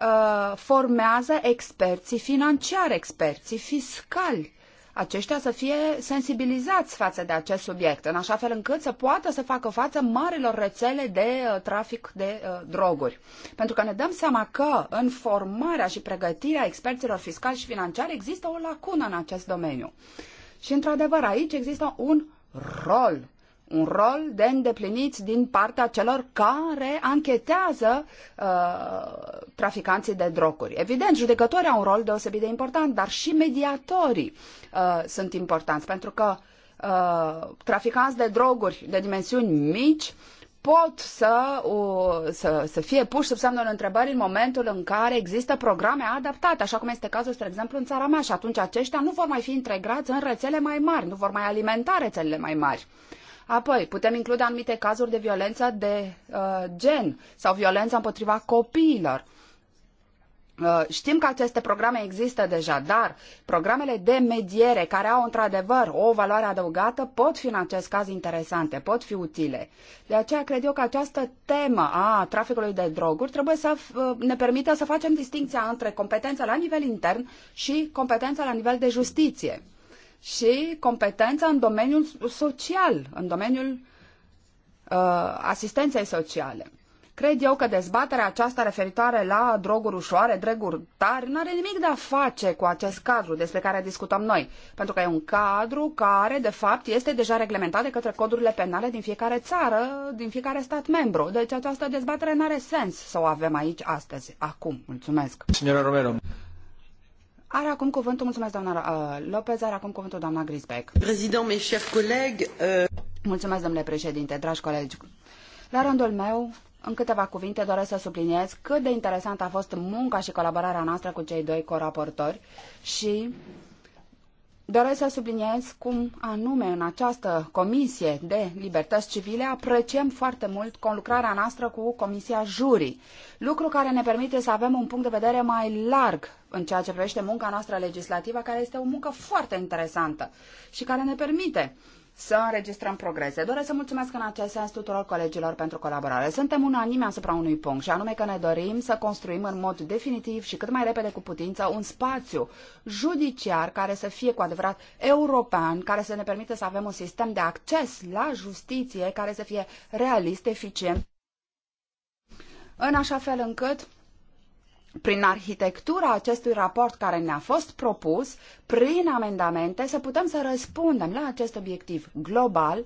uh, formează experții financiari, experții fiscali. Aceștia să fie sensibilizați față de acest subiect, în așa fel încât să poată să facă față marilor rețele de uh, trafic de uh, droguri. Pentru că ne dăm seama că în formarea și pregătirea experților fiscali și financiari există o lacună în acest domeniu. Și, într-adevăr, aici există un rol un rol de îndeplinit din partea celor care anchetează uh, traficanții de droguri. Evident, judecătorii au un rol deosebit de important, dar și mediatorii uh, sunt importanți, pentru că uh, traficanți de droguri de dimensiuni mici pot să, uh, să, să fie puși sub semnul întrebării în momentul în care există programe adaptate, așa cum este cazul, spre exemplu, în țara mea, și atunci aceștia nu vor mai fi integrați în rețele mai mari, nu vor mai alimenta rețelele mai mari. Uh, Apoi, putem include anumite cazuri de violență de uh, gen sau violență împotriva copiilor. Uh, știm că aceste programe există deja, dar programele de mediere care au într-adevăr o valoare adăugată pot fi în acest caz interesante, pot fi utile. De aceea cred eu că această temă a traficului de droguri trebuie să uh, ne permită să facem distinția între competența la nivel intern și competența la nivel de justiție și competența în domeniul social, în domeniul uh, asistenței sociale. Cred eu că dezbaterea aceasta referitoare la droguri ușoare, droguri tari, nu are nimic de a face cu acest cadru despre care discutăm noi, pentru că e un cadru care, de fapt, este deja reglementat de către codurile penale din fiecare țară, din fiecare stat membru. Deci această dezbatere nu are sens să o avem aici astăzi, acum. Mulțumesc. Signora Romero. Are acum cuvântul, mulțumesc doamna uh, Lopez, are acum cuvântul doamna Grisbeck. Prezident, mes chers collègues, uh... Mulțumesc, domnule președinte, dragi colegi. La rândul meu, în câteva cuvinte doresc să subliniez cât de interesant a fost munca și colaborarea noastră cu cei doi coraportori și Doresc să subliniez cum anume în această Comisie de Libertăți Civile apreciem foarte mult conlucrarea noastră cu Comisia Jurii, lucru care ne permite să avem un punct de vedere mai larg în ceea ce privește munca noastră legislativă, care este o muncă foarte interesantă și care ne permite să înregistrăm progrese. Doresc să mulțumesc în acest sens tuturor colegilor pentru colaborare. Suntem unanime asupra unui punct și anume că ne dorim să construim în mod definitiv și cât mai repede cu putință un spațiu judiciar care să fie cu adevărat european, care să ne permită să avem un sistem de acces la justiție care să fie realist, eficient, în așa fel încât prin arhitectura acestui raport care ne-a fost propus, prin amendamente, să putem să răspundem la acest obiectiv global.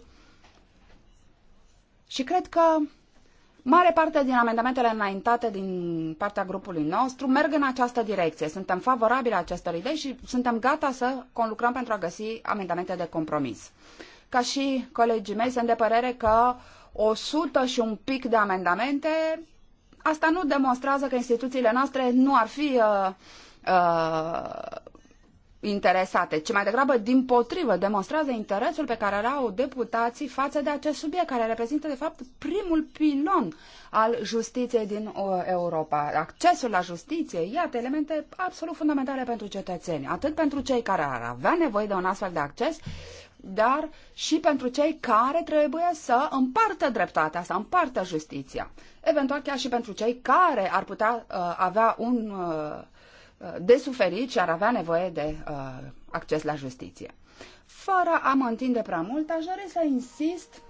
Și cred că mare parte din amendamentele înaintate din partea grupului nostru merg în această direcție. Suntem favorabili acestor idei și suntem gata să conlucrăm pentru a găsi amendamente de compromis. Ca și colegii mei, sunt de părere că o sută și un pic de amendamente asta nu demonstrează că instituțiile noastre nu ar fi uh, uh, interesate, ci mai degrabă din potrivă demonstrează interesul pe care îl au deputații față de acest subiect, care reprezintă de fapt primul pilon al justiției din uh, Europa. Accesul la justiție, iată, elemente absolut fundamentale pentru cetățeni, atât pentru cei care ar avea nevoie de un astfel de acces, dar și pentru cei care trebuie să împartă dreptatea, să împartă justiția. Eventual chiar și pentru cei care ar putea uh, avea un uh, uh, de suferit și ar avea nevoie de uh, acces la justiție. Fără a mă întinde prea mult, aș dori să insist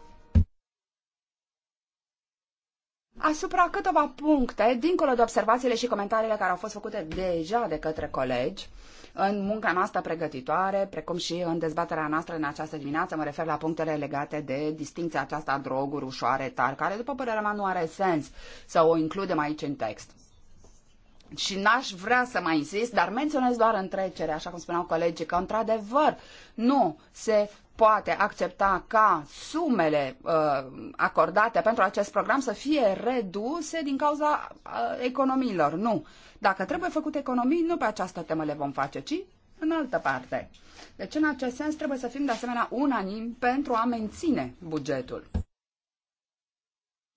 asupra câteva puncte, dincolo de observațiile și comentariile care au fost făcute deja de către colegi, uh, în munca noastră pregătitoare, precum și în dezbaterea noastră în această dimineață. Mă refer la punctele legate de distinția aceasta droguri ușoare, tari, care, după părerea mea, nu are sens să o includem aici în text și n-aș vrea să mai insist, dar menționez doar în trecere, așa cum spuneau colegii, că într-adevăr nu se poate accepta ca sumele uh, acordate pentru acest program să fie reduse din cauza uh, economiilor. Nu. Dacă trebuie făcute economii, nu pe această temă le vom face, ci în altă parte. Deci, în acest sens, trebuie să fim de asemenea unanimi pentru a menține bugetul.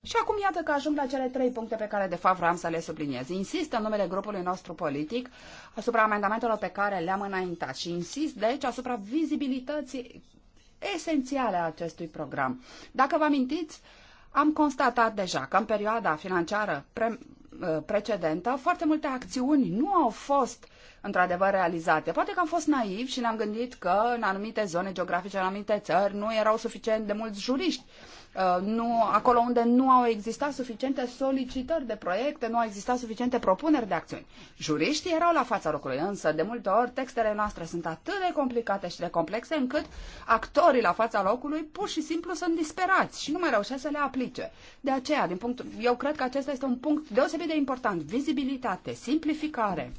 Și acum iată că ajung la cele trei puncte pe care de fapt vreau să le subliniez. Insist în numele grupului nostru politic asupra amendamentelor pe care le-am înaintat și insist deci asupra vizibilității esențiale a acestui program. Dacă vă amintiți, am constatat deja că în perioada financiară pre- uh, precedentă foarte multe acțiuni nu au fost într-adevăr realizate. Poate că am fost naiv și ne-am gândit că în anumite zone geografice, în anumite țări, nu erau suficient de mulți juriști. Uh, nu, acolo unde nu au existat suficiente solicitări de proiecte, nu au existat suficiente propuneri de acțiuni. Juriștii erau la fața locului, însă de multe ori textele noastre sunt atât de complicate și de complexe încât actorii la fața locului pur și simplu sunt disperați și nu mai reușesc să le aplice. De aceea, din punctul, eu cred că acesta este un punct deosebit de important. Vizibilitate, simplificare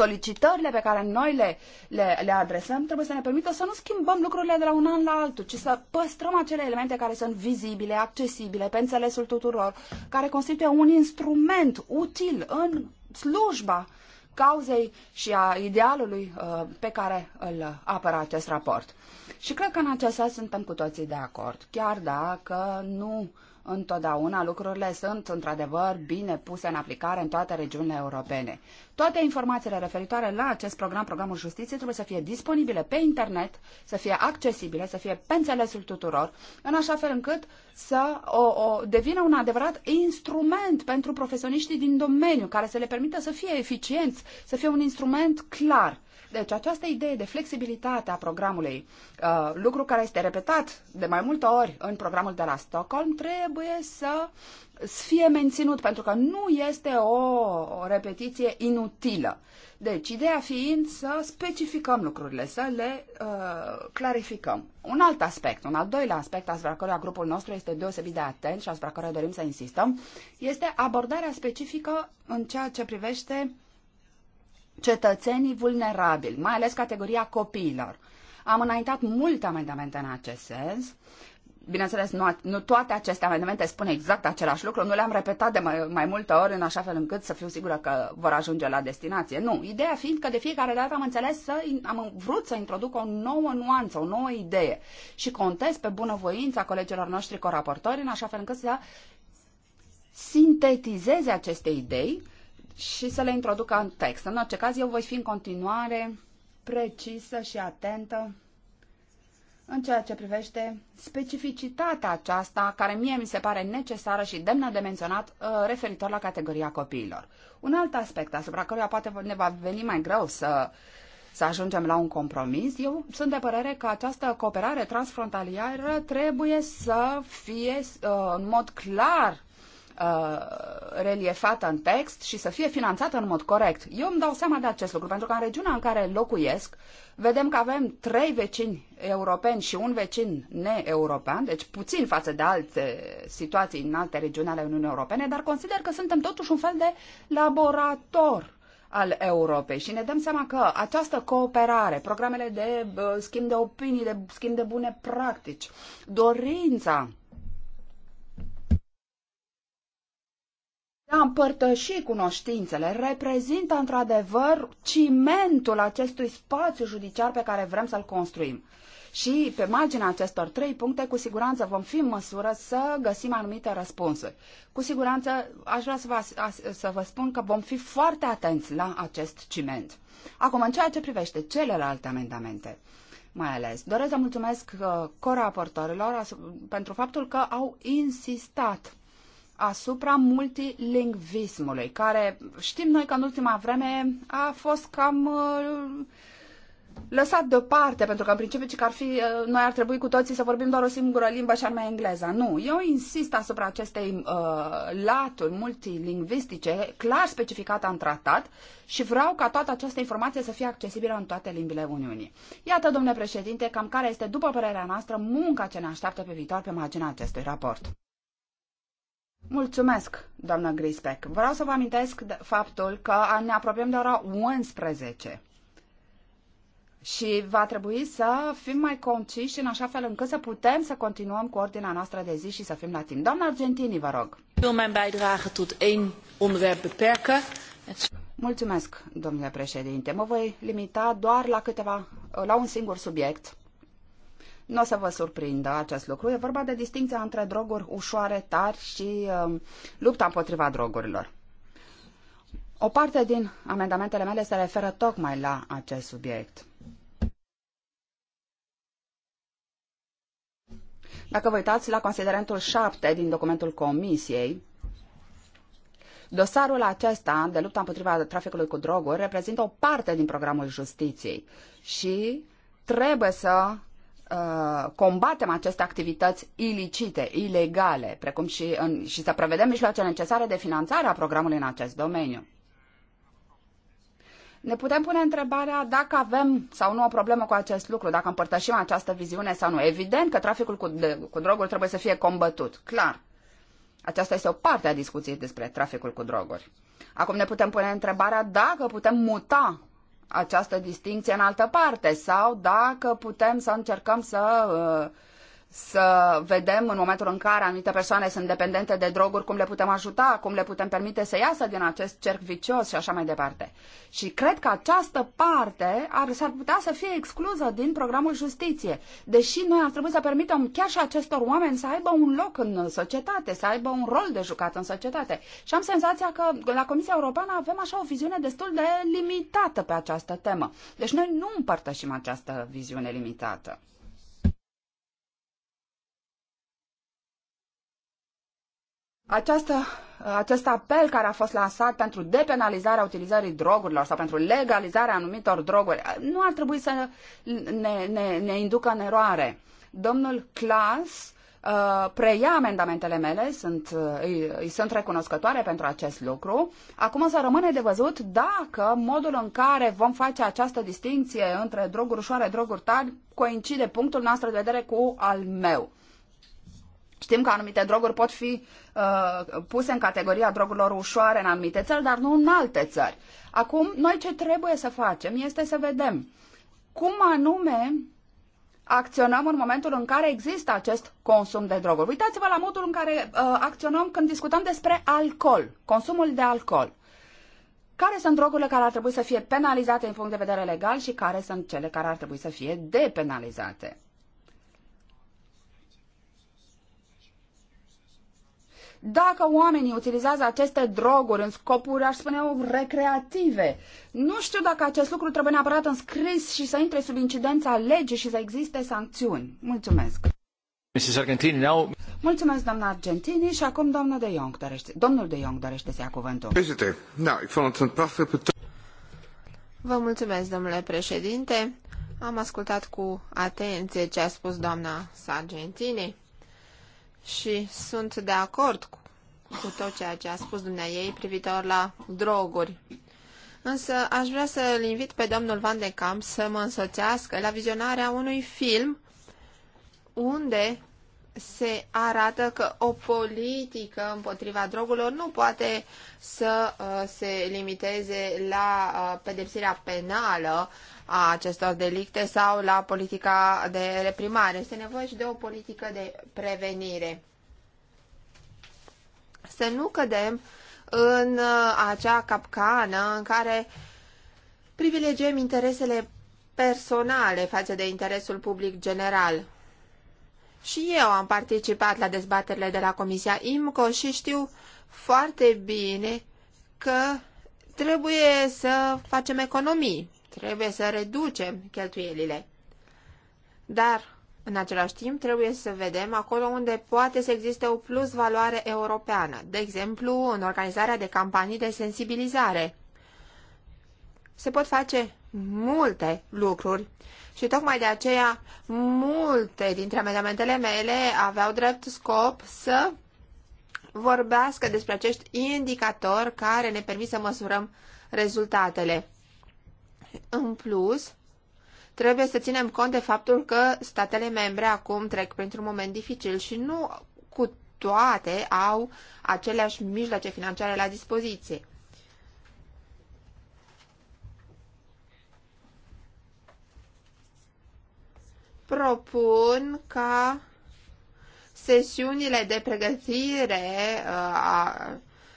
solicitările pe care noi le, le, le adresăm trebuie să ne permită să nu schimbăm lucrurile de la un an la altul, ci să păstrăm acele elemente care sunt vizibile, accesibile, pe înțelesul tuturor, care constituie un instrument util în slujba cauzei și a idealului uh, pe care îl apără acest raport. Și cred că în acest sens suntem cu toții de acord, chiar dacă nu uh, Întotdeauna lucrurile sunt într-adevăr bine puse în aplicare în toate regiunile europene. Toate informațiile referitoare la acest program, programul justiției, trebuie să fie disponibile pe internet, să fie accesibile, să fie pe înțelesul tuturor, în așa fel încât să o, o devină un adevărat instrument pentru profesioniștii din domeniu, care să le permită să fie eficienți, să fie un instrument clar deci această idee de flexibilitate a programului, uh, lucru care este repetat de mai multe ori în programul de la Stockholm, trebuie să fie menținut, pentru că nu este o, repetiție inutilă. Deci, ideea fiind să specificăm lucrurile, să le uh, clarificăm. Un alt aspect, un al doilea aspect asupra căruia grupul nostru este deosebit de atent și asupra căruia dorim să insistăm, este abordarea specifică în ceea ce privește cetățenii vulnerabili, mai ales categoria copiilor. Am înaintat multe amendamente în acest sens. Bineînțeles, nu, nu toate aceste amendamente spun exact același lucru, nu le-am repetat de mai, mai multe ori în așa fel încât să fiu sigură că vor ajunge la destinație. Nu, ideea fiind că de fiecare dată am înțeles să, am vrut să introduc o nouă nuanță, o nouă idee și contez pe bunăvoința colegilor noștri coraportori în așa fel încât să sintetizeze aceste idei și să le introducă în text. În orice caz, eu voi fi în continuare precisă și atentă în ceea ce privește specificitatea aceasta, care mie mi se pare necesară și demnă de menționat uh, referitor la categoria copiilor. Un alt aspect asupra căruia poate ne va veni mai greu să, să ajungem la un compromis, eu sunt de părere că această cooperare transfrontalieră trebuie să fie uh, în mod clar Uh, reliefată în text și să fie finanțată în mod corect. Eu îmi dau seama de acest lucru, pentru că în regiunea în care locuiesc, vedem că avem trei vecini europeni și un vecin neeuropean, deci puțin față de alte situații în alte regiuni ale Uniunii Europene, dar consider că suntem totuși un fel de laborator al Europei și ne dăm seama că această cooperare, programele de uh, schimb de opinii, de schimb de bune practici, dorința a împărtăși cunoștințele reprezintă într-adevăr cimentul acestui spațiu judiciar pe care vrem să-l construim. Și pe marginea acestor trei puncte, cu siguranță vom fi în măsură să găsim anumite răspunsuri. Cu siguranță aș vrea să vă, să vă spun că vom fi foarte atenți la acest ciment. Acum, în ceea ce privește celelalte amendamente, mai ales. Doresc să mulțumesc uh, coraportorilor pentru faptul că au insistat asupra multilingvismului, care știm noi că în ultima vreme a fost cam uh, lăsat deoparte, pentru că în principiu că ar fi, uh, noi ar trebui cu toții să vorbim doar o singură limbă și anume engleza. Nu, eu insist asupra acestei uh, laturi multilingvistice, clar specificată în tratat și vreau ca toată această informație să fie accesibilă în toate limbile Uniunii. Iată, domnule președinte, cam care este, după părerea noastră, munca ce ne așteaptă pe viitor pe marginea acestui raport. Mulțumesc, doamna Grispec. Vreau să vă amintesc faptul că ne apropiem de ora 11 și va trebui să fim mai conciși în așa fel încât să putem să continuăm cu ordinea noastră de zi și să fim la timp. Doamna Argentini, vă rog. Mulțumesc, domnule președinte. Mă voi limita doar la câteva, la un singur subiect nu o să vă surprindă acest lucru. E vorba de distinția între droguri ușoare, tari și uh, lupta împotriva drogurilor. O parte din amendamentele mele se referă tocmai la acest subiect. Dacă vă uitați la considerentul 7 din documentul Comisiei, dosarul acesta de lupta împotriva traficului cu droguri reprezintă o parte din programul justiției și trebuie să Uh, combatem aceste activități ilicite, ilegale, precum și, în, și să prevedem mijloace necesare de finanțare a programului în acest domeniu. Ne putem pune întrebarea dacă avem sau nu o problemă cu acest lucru, dacă împărtășim această viziune sau nu. Evident că traficul cu, de, cu droguri trebuie să fie combătut, clar. Aceasta este o parte a discuției despre traficul cu droguri. Acum ne putem pune întrebarea dacă putem muta această distinție în altă parte sau dacă putem să încercăm să uh, să vedem în momentul în care anumite persoane sunt dependente de droguri, cum le putem ajuta, cum le putem permite să iasă din acest cerc vicios și așa mai departe. Și cred că această parte ar, s-ar putea să fie exclusă din programul justiție, deși noi ar trebui să permitem chiar și acestor oameni să aibă un loc în societate, să aibă un rol de jucat în societate. Și am senzația că la Comisia Europeană avem așa o viziune destul de limitată pe această temă. Deci noi nu împărtășim această viziune limitată. Această, acest apel care a fost lansat pentru depenalizarea utilizării drogurilor sau pentru legalizarea anumitor droguri nu ar trebui să ne, ne, ne inducă în eroare. Domnul Clas uh, preia amendamentele mele, sunt, uh, îi, îi sunt recunoscătoare pentru acest lucru. Acum o să rămâne de văzut dacă modul în care vom face această distinție între droguri ușoare, droguri tari, coincide punctul nostru de vedere cu al meu. Știm că anumite droguri pot fi uh, puse în categoria drogurilor ușoare în anumite țări, dar nu în alte țări. Acum, noi ce trebuie să facem este să vedem cum anume acționăm în momentul în care există acest consum de droguri. Uitați-vă la modul în care uh, acționăm când discutăm despre alcool, consumul de alcool. Care sunt drogurile care ar trebui să fie penalizate în punct de vedere legal și care sunt cele care ar trebui să fie depenalizate? Dacă oamenii utilizează aceste droguri în scopuri, aș spune eu, recreative, nu știu dacă acest lucru trebuie neapărat înscris și să intre sub incidența legii și să existe sancțiuni. Mulțumesc. Mrs. Argentini, now... Mulțumesc, doamna Argentini, și acum doamna de Jong dorește, domnul de Jong dorește să ia cuvântul. Vă mulțumesc, domnule președinte. Am ascultat cu atenție ce a spus doamna Sargentini și sunt de acord cu, cu tot ceea ce a spus ei privitor la droguri. Însă aș vrea să-l invit pe domnul Van de Camp să mă însoțească la vizionarea unui film unde se arată că o politică împotriva drogurilor nu poate să uh, se limiteze la uh, pedepsirea penală a acestor delicte sau la politica de reprimare. Este nevoie și de o politică de prevenire. Să nu cădem în uh, acea capcană în care privilegiem interesele personale față de interesul public general. Și eu am participat la dezbaterile de la Comisia IMCO și știu foarte bine că trebuie să facem economii, trebuie să reducem cheltuielile. Dar, în același timp, trebuie să vedem acolo unde poate să existe o plus valoare europeană, de exemplu, în organizarea de campanii de sensibilizare. Se pot face multe lucruri și tocmai de aceea multe dintre amendamentele mele aveau drept scop să vorbească despre acești indicatori care ne permit să măsurăm rezultatele. În plus, trebuie să ținem cont de faptul că statele membre acum trec printr-un moment dificil și nu cu toate au aceleași mijloace financiare la dispoziție. propun ca sesiunile de pregătire uh, a,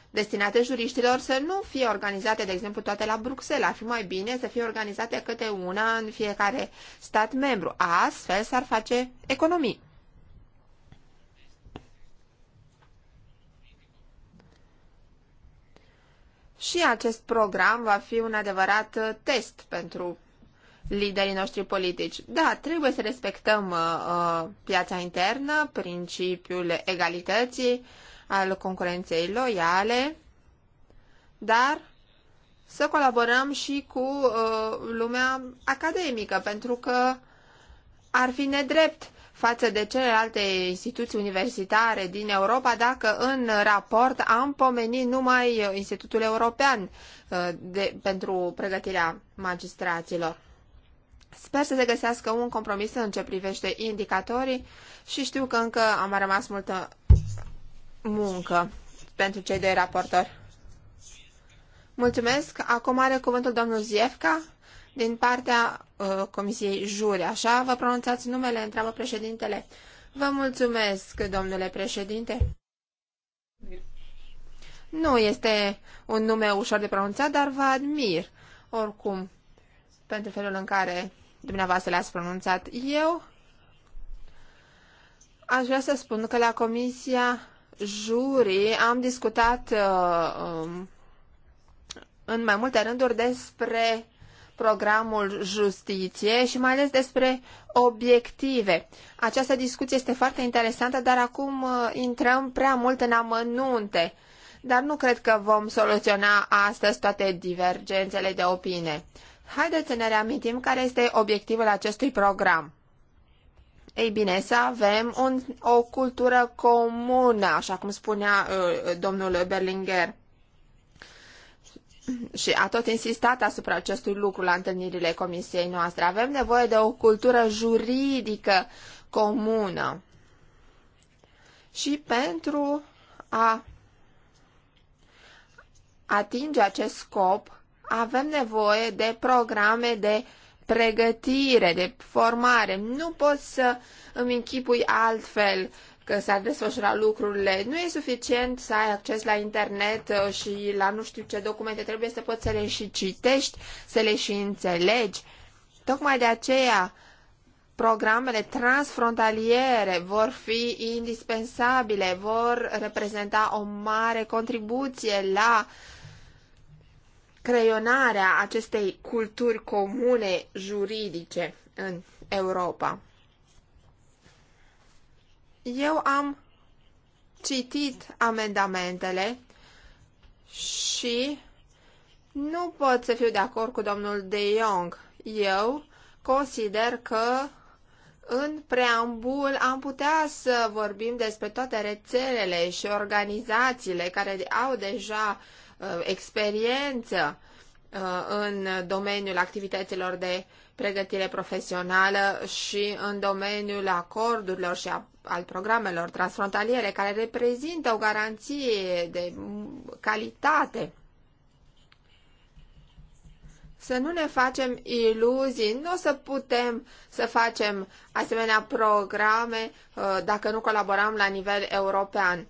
destinate juriștilor să nu fie organizate, de exemplu, toate la Bruxelles. Ar fi mai bine să fie organizate câte una în fiecare stat membru. Astfel s-ar face economii. Și acest program va fi un adevărat test pentru liderii noștri politici. Da, trebuie să respectăm uh, uh, piața internă, principiul egalității, al concurenței loiale, dar să colaborăm și cu uh, lumea academică, pentru că ar fi nedrept față de celelalte instituții universitare din Europa dacă în raport am pomenit numai Institutul European uh, de, pentru pregătirea magistraților. Sper să se găsească un compromis în ce privește indicatorii și știu că încă am rămas multă muncă pentru cei doi raportori. Mulțumesc. Acum are cuvântul domnul Ziefka din partea uh, Comisiei Juri. Așa vă pronunțați numele, întreabă președintele. Vă mulțumesc, domnule președinte. Nu este un nume ușor de pronunțat, dar vă admir. Oricum, pentru felul în care dumneavoastră le-ați pronunțat. Eu aș vrea să spun că la comisia jurii am discutat uh, um, în mai multe rânduri despre programul justiție și mai ales despre obiective. Această discuție este foarte interesantă, dar acum uh, intrăm prea mult în amănunte. Dar nu cred că vom soluționa astăzi toate divergențele de opinie. Haideți să ne reamintim care este obiectivul acestui program. Ei bine, să avem un, o cultură comună, așa cum spunea uh, domnul Berlinger. Și a tot insistat asupra acestui lucru la întâlnirile comisiei noastre. Avem nevoie de o cultură juridică comună. Și pentru a atinge acest scop, avem nevoie de programe de pregătire, de formare. Nu pot să îmi închipui altfel că s-ar desfășura lucrurile. Nu e suficient să ai acces la internet uh, și la nu știu ce documente. Trebuie să poți să le și citești, să le și înțelegi. Tocmai de aceea, programele transfrontaliere vor fi indispensabile, vor reprezenta o mare contribuție la uh, creionarea acestei culturi comune juridice în Europa. Eu am citit amendamentele și nu pot să fiu de acord cu domnul De Jong. Eu consider că în preambul am putea să vorbim despre toate rețelele și organizațiile care au deja uh, Uh, experiență uh, în domeniul activităților de pregătire profesională și în domeniul acordurilor și a, al programelor transfrontaliere, care reprezintă o garanție de calitate. Să nu ne facem iluzii, nu o să putem să facem asemenea programe uh, dacă nu colaborăm la nivel european.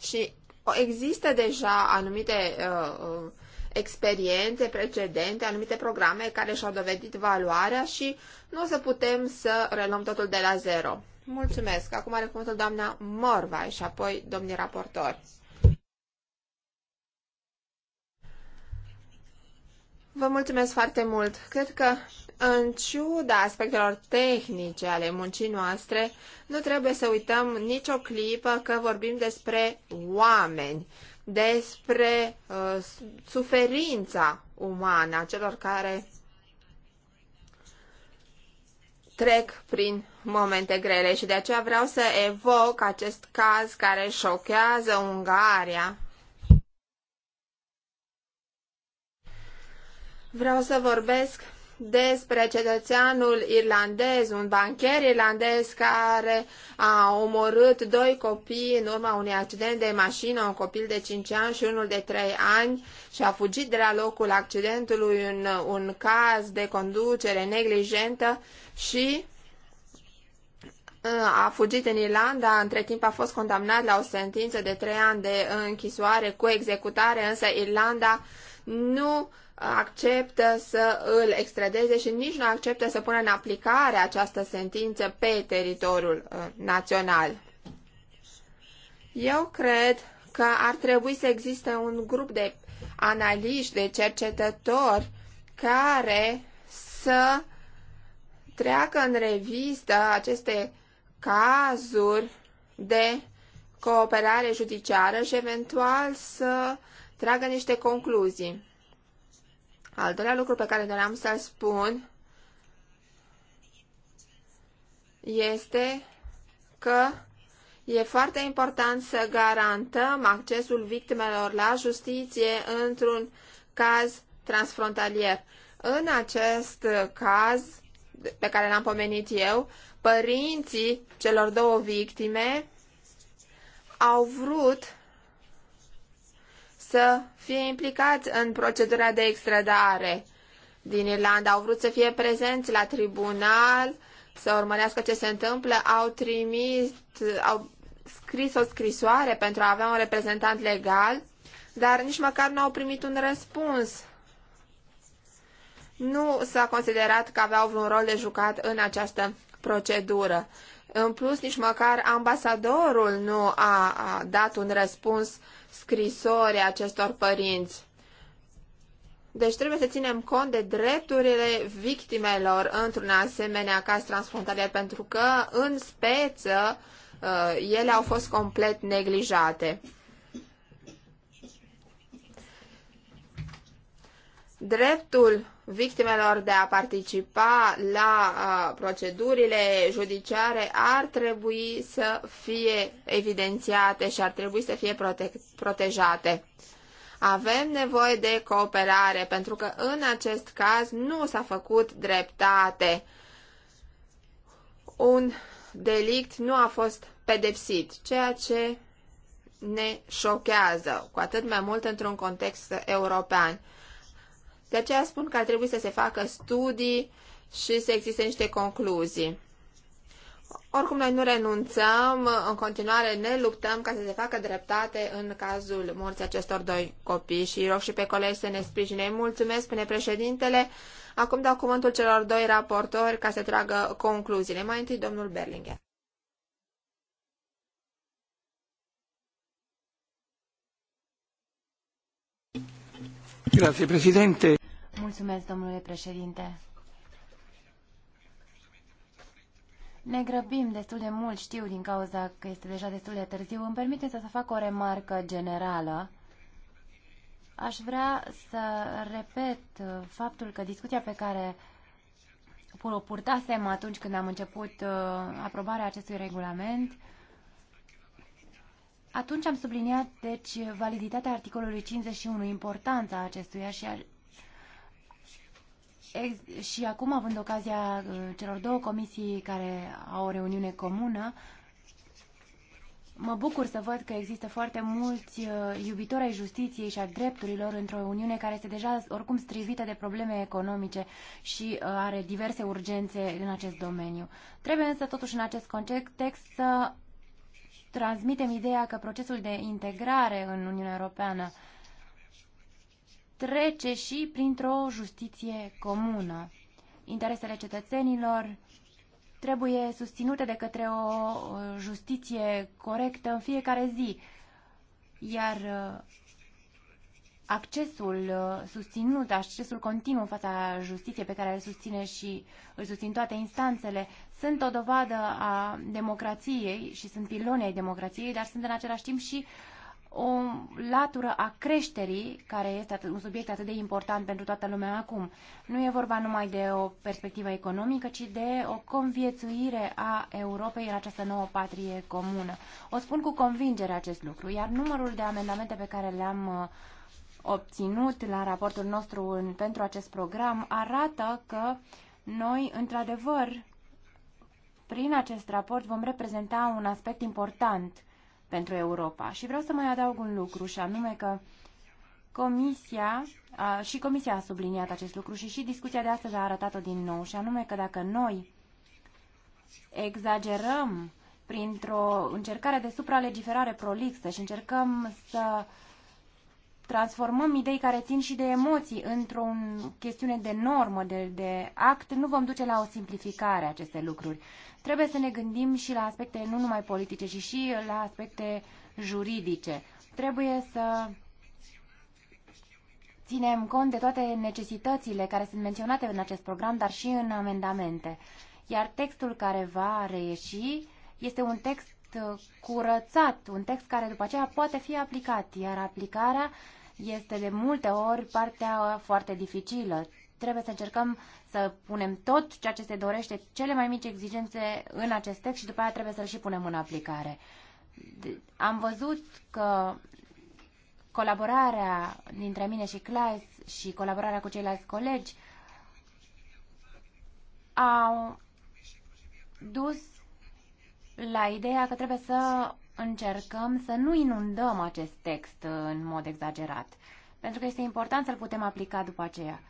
Și există deja anumite uh, uh, experiențe precedente, anumite programe care și-au dovedit valoarea și nu o să putem să reluăm totul de la zero. Mulțumesc. Acum are cuvântul doamna Morva și apoi domnii raportori. Vă mulțumesc foarte mult. Cred că în ciuda aspectelor tehnice ale muncii noastre, nu trebuie să uităm nicio clipă că vorbim despre oameni, despre uh, suferința umană a celor care trec prin momente grele și de aceea vreau să evoc acest caz care șochează Ungaria. Vreau să vorbesc despre cetățeanul irlandez, un bancher irlandez care a omorât doi copii în urma unui accident de mașină, un copil de 5 ani și unul de 3 ani și a fugit de la locul accidentului în un caz de conducere neglijentă și uh, a fugit în Irlanda, între timp a fost condamnat la o sentință de trei ani de închisoare cu executare, însă Irlanda nu acceptă să îl extradeze și nici nu acceptă să pună în aplicare această sentință pe teritoriul uh, național. Eu cred că ar trebui să existe un grup de analiști, de cercetători care să treacă în revistă aceste cazuri de cooperare judiciară și eventual să tragă niște concluzii. Al doilea lucru pe care doream să-l spun este că e foarte important să garantăm accesul victimelor la justiție într-un caz transfrontalier. În acest caz pe care l-am pomenit eu, părinții celor două victime au vrut să fie implicați în procedura de extradare din Irlanda. Au vrut să fie prezenți la tribunal, să urmărească ce se întâmplă. Au trimis, au scris o scrisoare pentru a avea un reprezentant legal, dar nici măcar nu au primit un răspuns. Nu s-a considerat că aveau vreun rol de jucat în această procedură. În plus, nici măcar ambasadorul nu a, a dat un răspuns scrisorii acestor părinți. Deci trebuie să ținem cont de drepturile victimelor într-un asemenea caz transfrontalier, pentru că, în speță, uh, ele au fost complet neglijate. Dreptul victimelor de a participa la procedurile judiciare ar trebui să fie evidențiate și ar trebui să fie prote protejate. Avem nevoie de cooperare pentru că în acest caz nu s-a făcut dreptate. Un delict nu a fost pedepsit, ceea ce ne șochează, cu atât mai mult într-un context european. De aceea spun că ar trebui să se facă studii și să existe niște concluzii. Oricum, noi nu renunțăm, în continuare ne luptăm ca să se facă dreptate în cazul morții acestor doi copii și rog și pe colegi să ne sprijine. Mulțumesc, spune președintele. Acum dau cuvântul celor doi raportori ca să tragă concluziile. Mai întâi, domnul Berlinger. Mulțumesc, domnule președinte. Ne grăbim destul de mult, știu, din cauza că este deja destul de târziu. Îmi permiteți să fac o remarcă generală. Aș vrea să repet faptul că discuția pe care o purtasem atunci când am început uh, aprobarea acestui regulament atunci am subliniat, deci, validitatea articolului 51, importanța acestuia și, a... ex... și acum, având ocazia uh, celor două comisii care au o reuniune comună, Mă bucur să văd că există foarte mulți uh, iubitori ai justiției și a drepturilor într-o Uniune care este deja oricum strivită de probleme economice și uh, are diverse urgențe în acest domeniu. Trebuie însă totuși în acest context să transmitem ideea că procesul de integrare în Uniunea Europeană trece și printr-o justiție comună. Interesele cetățenilor trebuie susținute de către o justiție corectă în fiecare zi, iar accesul uh, susținut, accesul continuu în fața justiției pe care îl susține și îl susțin toate instanțele, sunt o dovadă a democrației și sunt pilonii ai democrației, dar sunt în același timp și o latură a creșterii, care este un subiect atât de important pentru toată lumea acum. Nu e vorba numai de o perspectivă economică, ci de o conviețuire a Europei în această nouă patrie comună. O spun cu convingere acest lucru, iar numărul de amendamente pe care le-am uh, obținut la raportul nostru în, pentru acest program arată că noi, într-adevăr, prin acest raport vom reprezenta un aspect important pentru Europa. Și vreau să mai adaug un lucru, și anume că Comisia, a, și Comisia a subliniat acest lucru și și discuția de astăzi a arătat-o din nou, și anume că dacă noi exagerăm printr-o încercare de supralegiferare prolixă și încercăm să transformăm idei care țin și de emoții într-o chestiune de normă, de, de act, nu vom duce la o simplificare a aceste lucruri. Trebuie să ne gândim și la aspecte nu numai politice, ci și la aspecte juridice. Trebuie să ținem cont de toate necesitățile care sunt menționate în acest program, dar și în amendamente. Iar textul care va reieși este un text Uh, curățat, un text care după aceea poate fi aplicat, iar aplicarea este de multe ori partea foarte dificilă. Trebuie să încercăm să punem tot ceea ce se dorește, cele mai mici exigențe în acest text și după aceea trebuie să-l și punem în aplicare. Am văzut că colaborarea dintre mine și Claes și colaborarea cu ceilalți colegi au dus la ideea că trebuie să încercăm să nu inundăm acest text în mod exagerat, pentru că este important să-l putem aplica după aceea.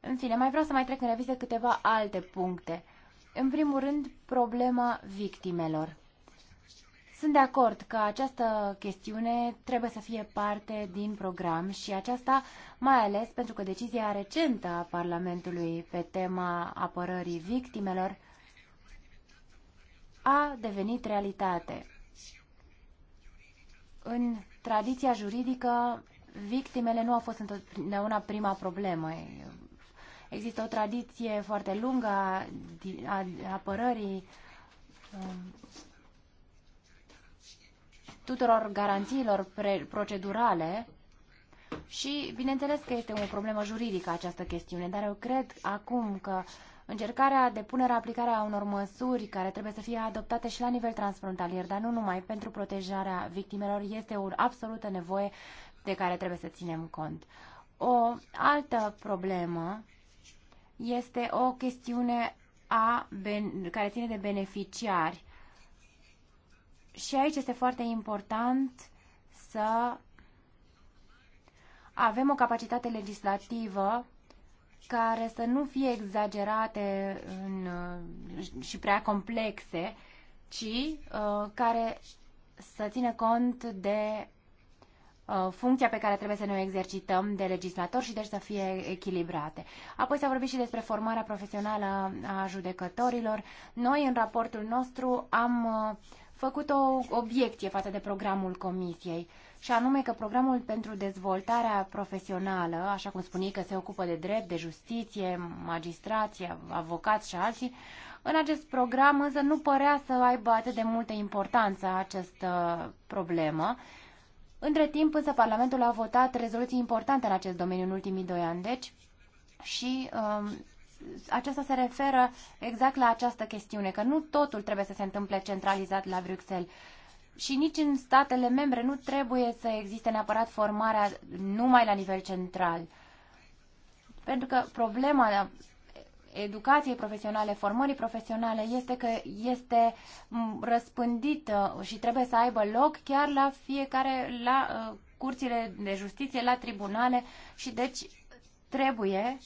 În fine, mai vreau să mai trec în revistă câteva alte puncte. În primul rând, problema victimelor. Sunt de acord că această chestiune trebuie să fie parte din program și aceasta mai ales pentru că decizia recentă a Parlamentului pe tema apărării victimelor a devenit realitate. În tradiția juridică, victimele nu au fost întotdeauna prima problemă. Există o tradiție foarte lungă a, a apărării um, tuturor garanțiilor procedurale și, bineînțeles că este o problemă juridică această chestiune, dar eu cred acum că încercarea de punere aplicarea unor măsuri care trebuie să fie adoptate și la nivel transfrontalier, dar nu numai pentru protejarea victimelor, este o absolută nevoie de care trebuie să ținem cont. O altă problemă este o chestiune a care ține de beneficiari. Și aici este foarte important să avem o capacitate legislativă care să nu fie exagerate în, uh, și prea complexe, ci uh, care să țină cont de uh, funcția pe care trebuie să ne o exercităm de legislator și deci să fie echilibrate. Apoi s-a vorbit și despre formarea profesională a judecătorilor. Noi, în raportul nostru, am uh, făcut o obiecție față de programul Comisiei, și anume că programul pentru dezvoltarea profesională, așa cum spune că se ocupă de drept, de justiție, magistrație, avocați și alții, în acest program însă nu părea să aibă atât de multă importanță această problemă. Între timp însă Parlamentul a votat rezoluții importante în acest domeniu în ultimii doi ani, deci, și um, aceasta se referă exact la această chestiune, că nu totul trebuie să se întâmple centralizat la Bruxelles. Și nici în statele membre nu trebuie să existe neapărat formarea numai la nivel central. Pentru că problema educației profesionale, formării profesionale este că este răspândită și trebuie să aibă loc chiar la fiecare, la uh, curțile de justiție, la tribunale și deci trebuie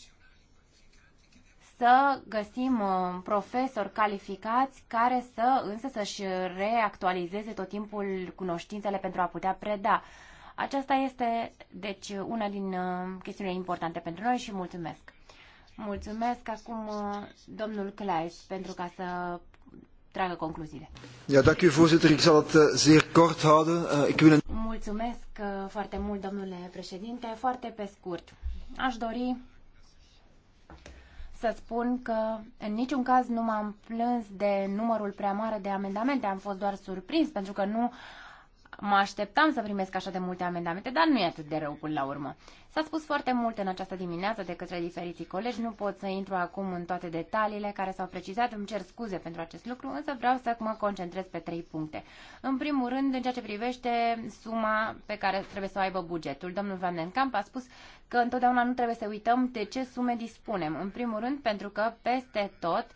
să găsim uh, profesori calificați care să însă să-și reactualizeze tot timpul cunoștințele pentru a putea preda. Aceasta este, deci, una din uh, chestiunile importante pentru noi și mulțumesc. Mulțumesc acum uh, domnul Kleis pentru ca să tragă concluziile. Ja, dank u voorzitter. Ik zal het zeer kort houden. Ik wil... Mulțumesc foarte mult, domnule președinte. Foarte pe scurt. Aș dori să spun că în niciun caz nu m-am plâns de numărul prea mare de amendamente, am fost doar surprins pentru că nu mă așteptam să primesc așa de multe amendamente, dar nu e atât de rău până la urmă. S-a spus foarte mult în această dimineață de către diferiții colegi, nu pot să intru acum în toate detaliile care s-au precizat, îmi cer scuze pentru acest lucru, însă vreau să mă concentrez pe trei puncte. În primul rând, în ceea ce privește suma pe care trebuie să o aibă bugetul. Domnul Van den Kamp a spus că întotdeauna nu trebuie să uităm de ce sume dispunem. În primul rând, pentru că peste tot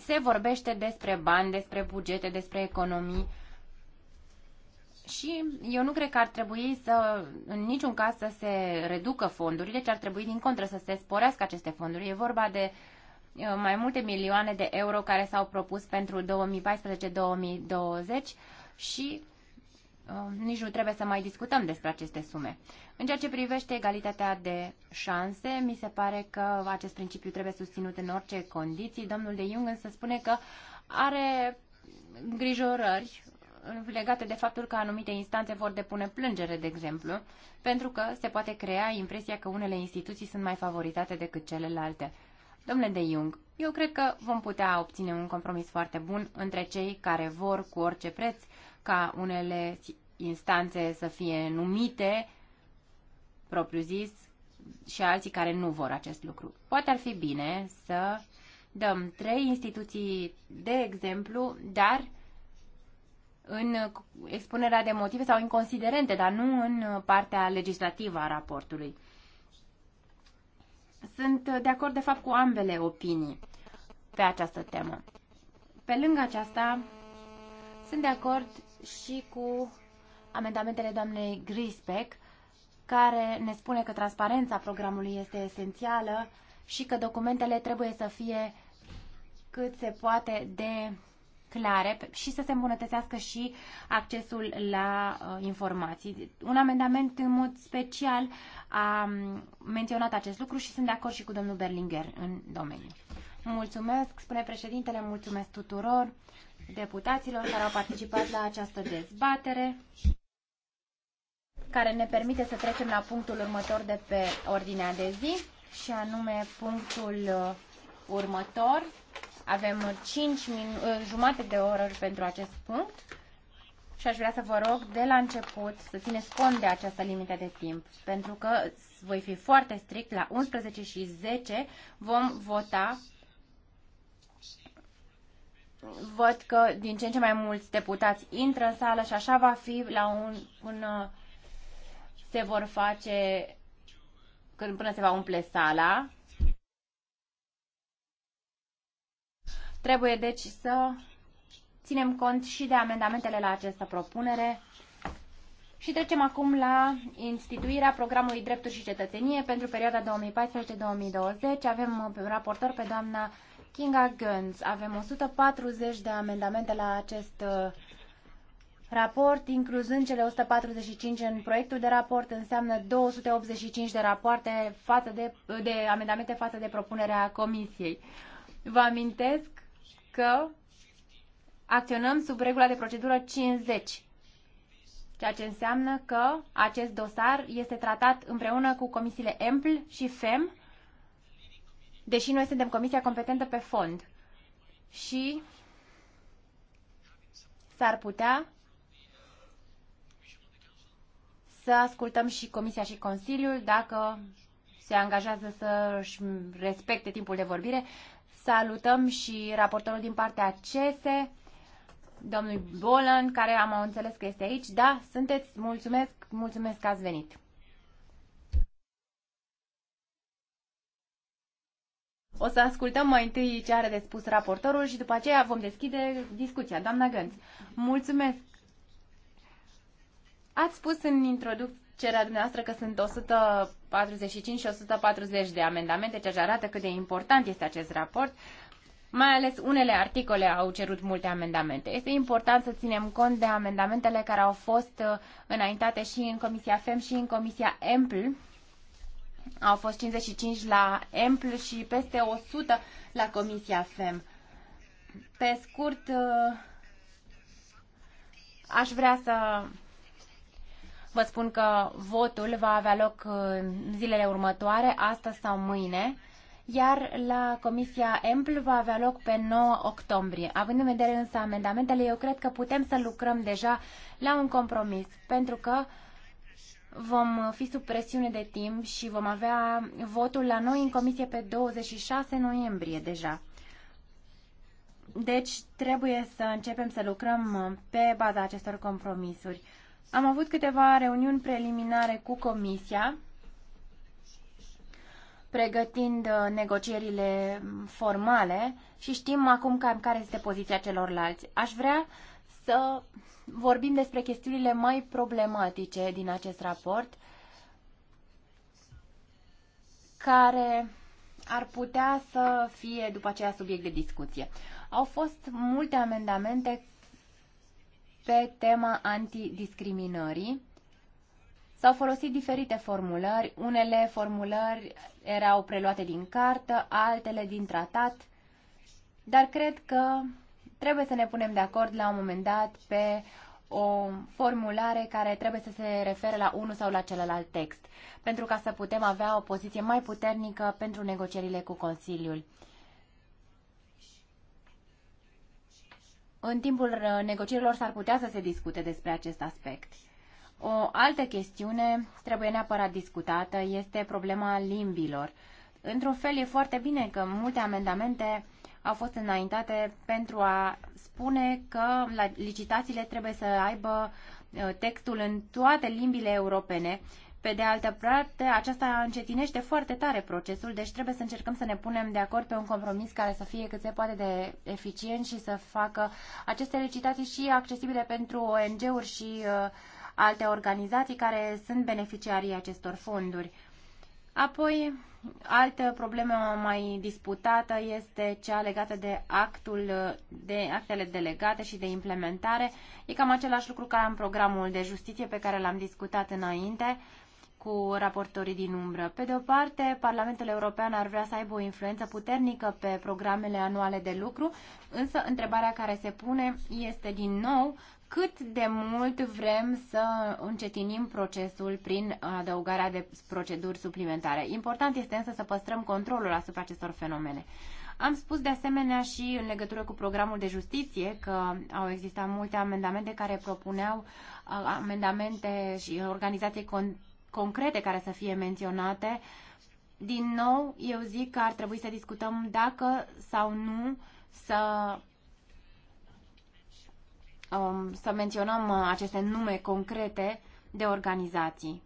se vorbește despre bani, despre bugete, despre economii, și eu nu cred că ar trebui să, în niciun caz, să se reducă fondurile, ci ar trebui, din contră, să se sporească aceste fonduri. E vorba de uh, mai multe milioane de euro care s-au propus pentru 2014-2020 și uh, nici nu trebuie să mai discutăm despre aceste sume. În ceea ce privește egalitatea de șanse, mi se pare că acest principiu trebuie susținut în orice condiții. Domnul de Jung însă spune că are îngrijorări legate de faptul că anumite instanțe vor depune plângere, de exemplu, pentru că se poate crea impresia că unele instituții sunt mai favorizate decât celelalte. Domnule de Jung, eu cred că vom putea obține un compromis foarte bun între cei care vor cu orice preț ca unele instanțe să fie numite, propriu-zis, și alții care nu vor acest lucru. Poate ar fi bine să dăm trei instituții de exemplu, dar în expunerea de motive sau inconsiderente, dar nu în partea legislativă a raportului. Sunt de acord, de fapt, cu ambele opinii pe această temă. Pe lângă aceasta, sunt de acord și cu amendamentele doamnei Grisbeck, care ne spune că transparența programului este esențială și că documentele trebuie să fie cât se poate de clare și să se îmbunătățească și accesul la uh, informații. Un amendament în mod special a mm, menționat acest lucru și sunt de acord și cu domnul Berlinger în domeniu. Mulțumesc, spune președintele, mulțumesc tuturor deputaților care au participat la această dezbatere care ne permite să trecem la punctul următor de pe ordinea de zi și anume punctul uh, următor avem 5 uh, jumate de oră pentru acest punct și aș vrea să vă rog de la început să țineți cont de această limită de timp, pentru că voi fi foarte strict, la 11 și 10 vom vota. Văd că din ce în ce mai mulți deputați intră în sală și așa va fi la un, până se vor face, când până se va umple sala. Trebuie deci să ținem cont și de amendamentele la această propunere și trecem acum la instituirea programului Drepturi și Cetățenie pentru perioada 2014-2020. Avem un uh, raportor pe doamna Kinga Gönz. Avem 140 de amendamente la acest uh, raport, incluzând cele 145 în proiectul de raport, înseamnă 285 de rapoarte față de, uh, de amendamente față de propunerea Comisiei. Vă amintesc că acționăm sub regula de procedură 50, ceea ce înseamnă că acest dosar este tratat împreună cu comisiile EMPL și FEM, deși noi suntem comisia competentă pe fond. Și s-ar putea să ascultăm și Comisia și Consiliul dacă se angajează să-și respecte timpul de vorbire Salutăm și raportorul din partea CESE, domnul Bolan, care am înțeles că este aici. Da, sunteți, mulțumesc, mulțumesc că ați venit. O să ascultăm mai întâi ce are de spus raportorul și după aceea vom deschide discuția. Doamna Gânț, mulțumesc! Ați spus în introducție cererea dumneavoastră că sunt 145 și 140 de amendamente, ceea ce arată cât de important este acest raport. Mai ales unele articole au cerut multe amendamente. Este important să ținem cont de amendamentele care au fost uh, înaintate și în Comisia FEM și în Comisia EMPL. Au fost 55 la EMPL și peste 100 la Comisia FEM. Pe scurt, uh, aș vrea să Vă spun că votul va avea loc uh, zilele următoare, astăzi sau mâine, iar la Comisia EMPL va avea loc pe 9 octombrie. Având în vedere însă amendamentele, eu cred că putem să lucrăm deja la un compromis, pentru că vom fi sub presiune de timp și vom avea votul la noi în comisie pe 26 noiembrie deja. Deci trebuie să începem să lucrăm pe baza acestor compromisuri. Am avut câteva reuniuni preliminare cu Comisia, pregătind uh, negocierile formale și știm acum cam care este poziția celorlalți. Aș vrea să vorbim despre chestiunile mai problematice din acest raport, care ar putea să fie după aceea subiect de discuție. Au fost multe amendamente pe tema antidiscriminării. S-au folosit diferite formulări, unele formulări erau preluate din cartă, altele din tratat, dar cred că trebuie să ne punem de acord la un moment dat pe o formulare care trebuie să se refere la unul sau la celălalt text, pentru ca să putem avea o poziție mai puternică pentru negocierile cu Consiliul. în timpul uh, negocierilor s-ar putea să se discute despre acest aspect. O altă chestiune trebuie neapărat discutată este problema limbilor. Într-un fel e foarte bine că multe amendamente au fost înaintate pentru a spune că licitațiile trebuie să aibă uh, textul în toate limbile europene pe de altă parte, aceasta încetinește foarte tare procesul, deci trebuie să încercăm să ne punem de acord pe un compromis care să fie cât se poate de eficient și să facă aceste licitații și accesibile pentru ONG-uri și uh, alte organizații care sunt beneficiarii acestor fonduri. Apoi, altă problemă mai disputată este cea legată de actul de actele delegate și de implementare. E cam același lucru ca în programul de justiție pe care l-am discutat înainte. Uh, cu raportorii din umbră. Pe de o parte, Parlamentul European ar vrea să aibă o influență puternică pe programele anuale de lucru, însă întrebarea care se pune este din nou cât de mult vrem să încetinim procesul prin adăugarea de proceduri suplimentare. Important este însă să păstrăm controlul asupra acestor fenomene. Am spus de asemenea și în legătură cu programul de justiție că au existat multe amendamente care propuneau uh, amendamente și organizații concrete care să fie menționate, din nou, eu zic că ar trebui să discutăm dacă sau nu să, um, să menționăm uh, aceste nume concrete de organizații.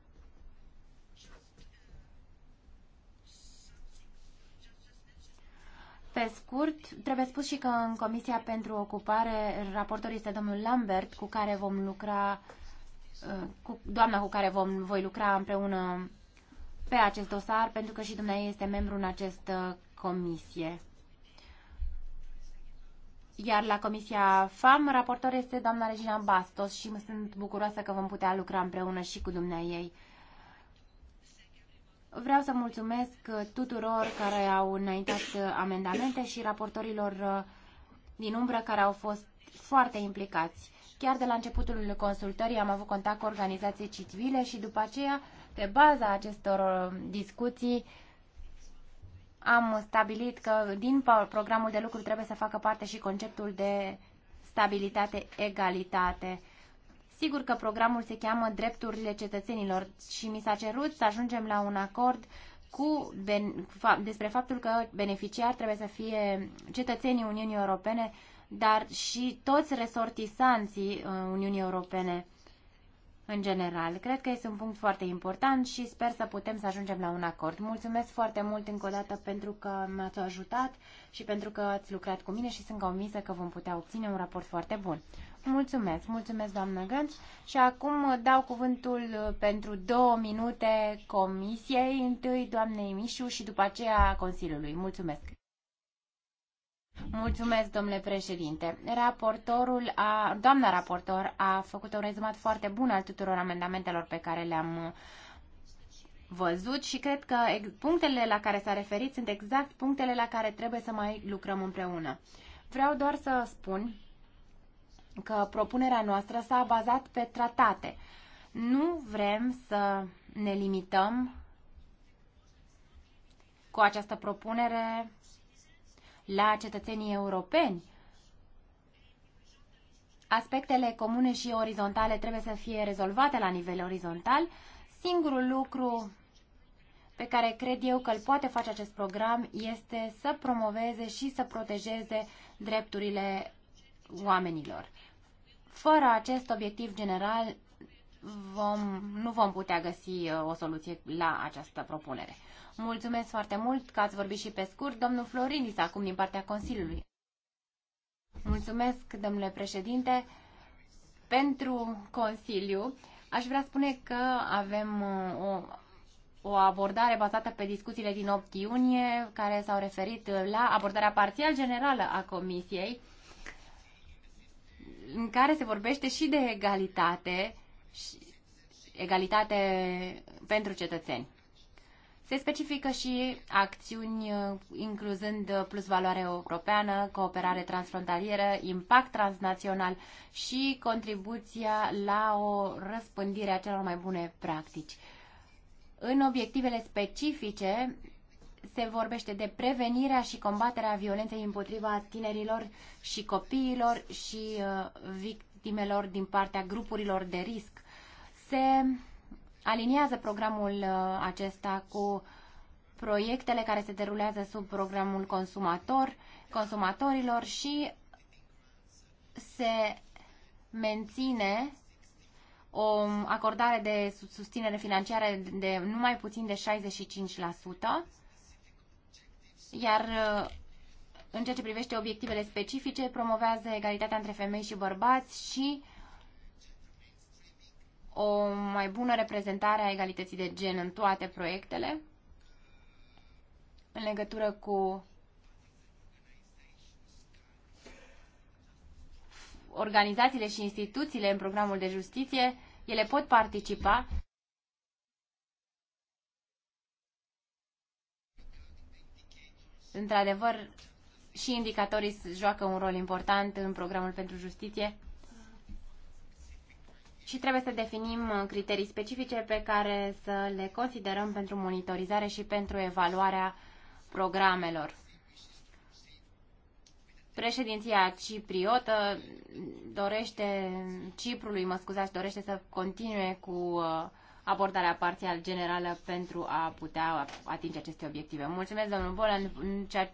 Pe scurt, trebuie spus și că în Comisia pentru Ocupare raportor este domnul Lambert, cu care vom lucra uh, cu doamna cu care vom, voi lucra împreună pe acest dosar, pentru că și dumneavoastră este membru în această comisie. Iar la Comisia FAM, raportor este doamna Regina Bastos și mă sunt bucuroasă că vom putea lucra împreună și cu dumneavoastră ei. Vreau să mulțumesc tuturor care au înaintat amendamente și raportorilor din umbră care au fost foarte implicați. Chiar de la începutul consultării am avut contact cu organizații civile și după aceea, pe baza acestor uh, discuții, am stabilit că din programul de lucru trebuie să facă parte și conceptul de stabilitate-egalitate. Sigur că programul se cheamă Drepturile cetățenilor și mi s-a cerut să ajungem la un acord cu ben, despre faptul că beneficiar trebuie să fie cetățenii Uniunii Europene dar și toți resortisanții uh, Uniunii Europene în general. Cred că este un punct foarte important și sper să putem să ajungem la un acord. Mulțumesc foarte mult încă o dată pentru că m-ați ajutat și pentru că ați lucrat cu mine și sunt convinsă că vom putea obține un raport foarte bun. Mulțumesc, mulțumesc doamnă Gânț și acum dau cuvântul uh, pentru două minute comisiei, întâi doamnei Mișu și după aceea Consiliului. Mulțumesc! Mulțumesc, domnule președinte. Raportorul a, doamna raportor a făcut un rezumat foarte bun al tuturor amendamentelor pe care le-am uh, văzut și cred că punctele la care s-a referit sunt exact punctele la care trebuie să mai lucrăm împreună. Vreau doar să spun că propunerea noastră s-a bazat pe tratate. Nu vrem să ne limităm cu această propunere la cetățenii europeni. Aspectele comune și orizontale trebuie să fie rezolvate la nivel orizontal. Singurul lucru pe care cred eu că îl poate face acest program este să promoveze și să protejeze drepturile oamenilor. Fără acest obiectiv general, vom, nu vom putea găsi uh, o soluție la această propunere. Mulțumesc foarte mult că ați vorbit și pe scurt. Domnul Florinis, acum din partea Consiliului. Mulțumesc, domnule președinte, pentru Consiliu. Aș vrea spune că avem uh, o, o abordare bazată pe discuțiile din 8 iunie, care s-au referit la abordarea parțial generală a Comisiei, în care se vorbește și de egalitate, și egalitate pentru cetățeni. Se specifică și acțiuni uh, incluzând uh, plus valoare europeană, cooperare transfrontalieră, impact transnațional și contribuția la o răspândire a celor mai bune practici. În obiectivele specifice se vorbește de prevenirea și combaterea violenței împotriva tinerilor și copiilor și uh, victimelor din partea grupurilor de risc. Se aliniază programul uh, acesta cu proiectele care se derulează sub programul consumator, consumatorilor și se menține o acordare de susținere financiară de nu mai puțin de 65%, iar uh, în ceea ce privește obiectivele specifice, promovează egalitatea între femei și bărbați și uh, o mai bună reprezentare a egalității de gen în toate proiectele, în legătură cu organizațiile și instituțiile în programul de justiție, ele pot participa Într-adevăr, și indicatorii joacă un rol important în programul pentru justiție și trebuie să definim uh, criterii specifice pe care să le considerăm pentru monitorizare și pentru evaluarea programelor. Președinția cipriotă dorește, Ciprului, mă scuzați, dorește să continue cu uh, abordarea parțial generală pentru a putea atinge aceste obiective. Mulțumesc, domnul Bolan,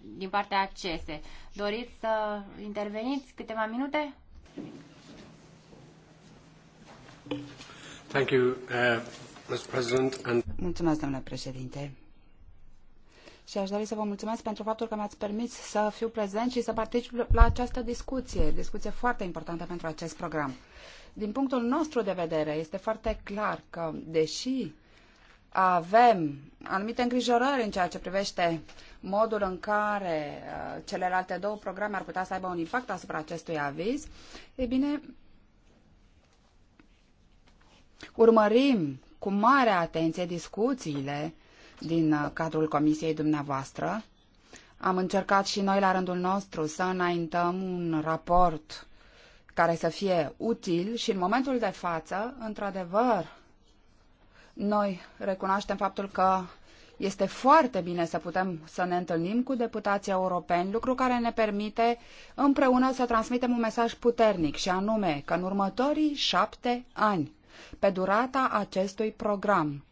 din partea CESE. Doriți să interveniți câteva minute? Uh, mulțumesc, domnule Și aș dori să vă mulțumesc pentru faptul că mi-ați permis să fiu prezent și să particip la această discuție, discuție foarte importantă pentru acest program. Din punctul nostru de vedere, este foarte clar că, deși avem anumite îngrijorări în ceea ce privește modul în care uh, celelalte două programe ar putea să aibă un impact asupra acestui aviz, e bine, Urmărim cu mare atenție discuțiile din uh, cadrul comisiei dumneavoastră. Am încercat și noi la rândul nostru să înaintăm un raport care să fie util și în momentul de față, într-adevăr, noi recunoaștem faptul că este foarte bine să putem să ne întâlnim cu deputații europeni, lucru care ne permite împreună să transmitem un mesaj puternic și anume că în următorii șapte ani pe durata acestui program.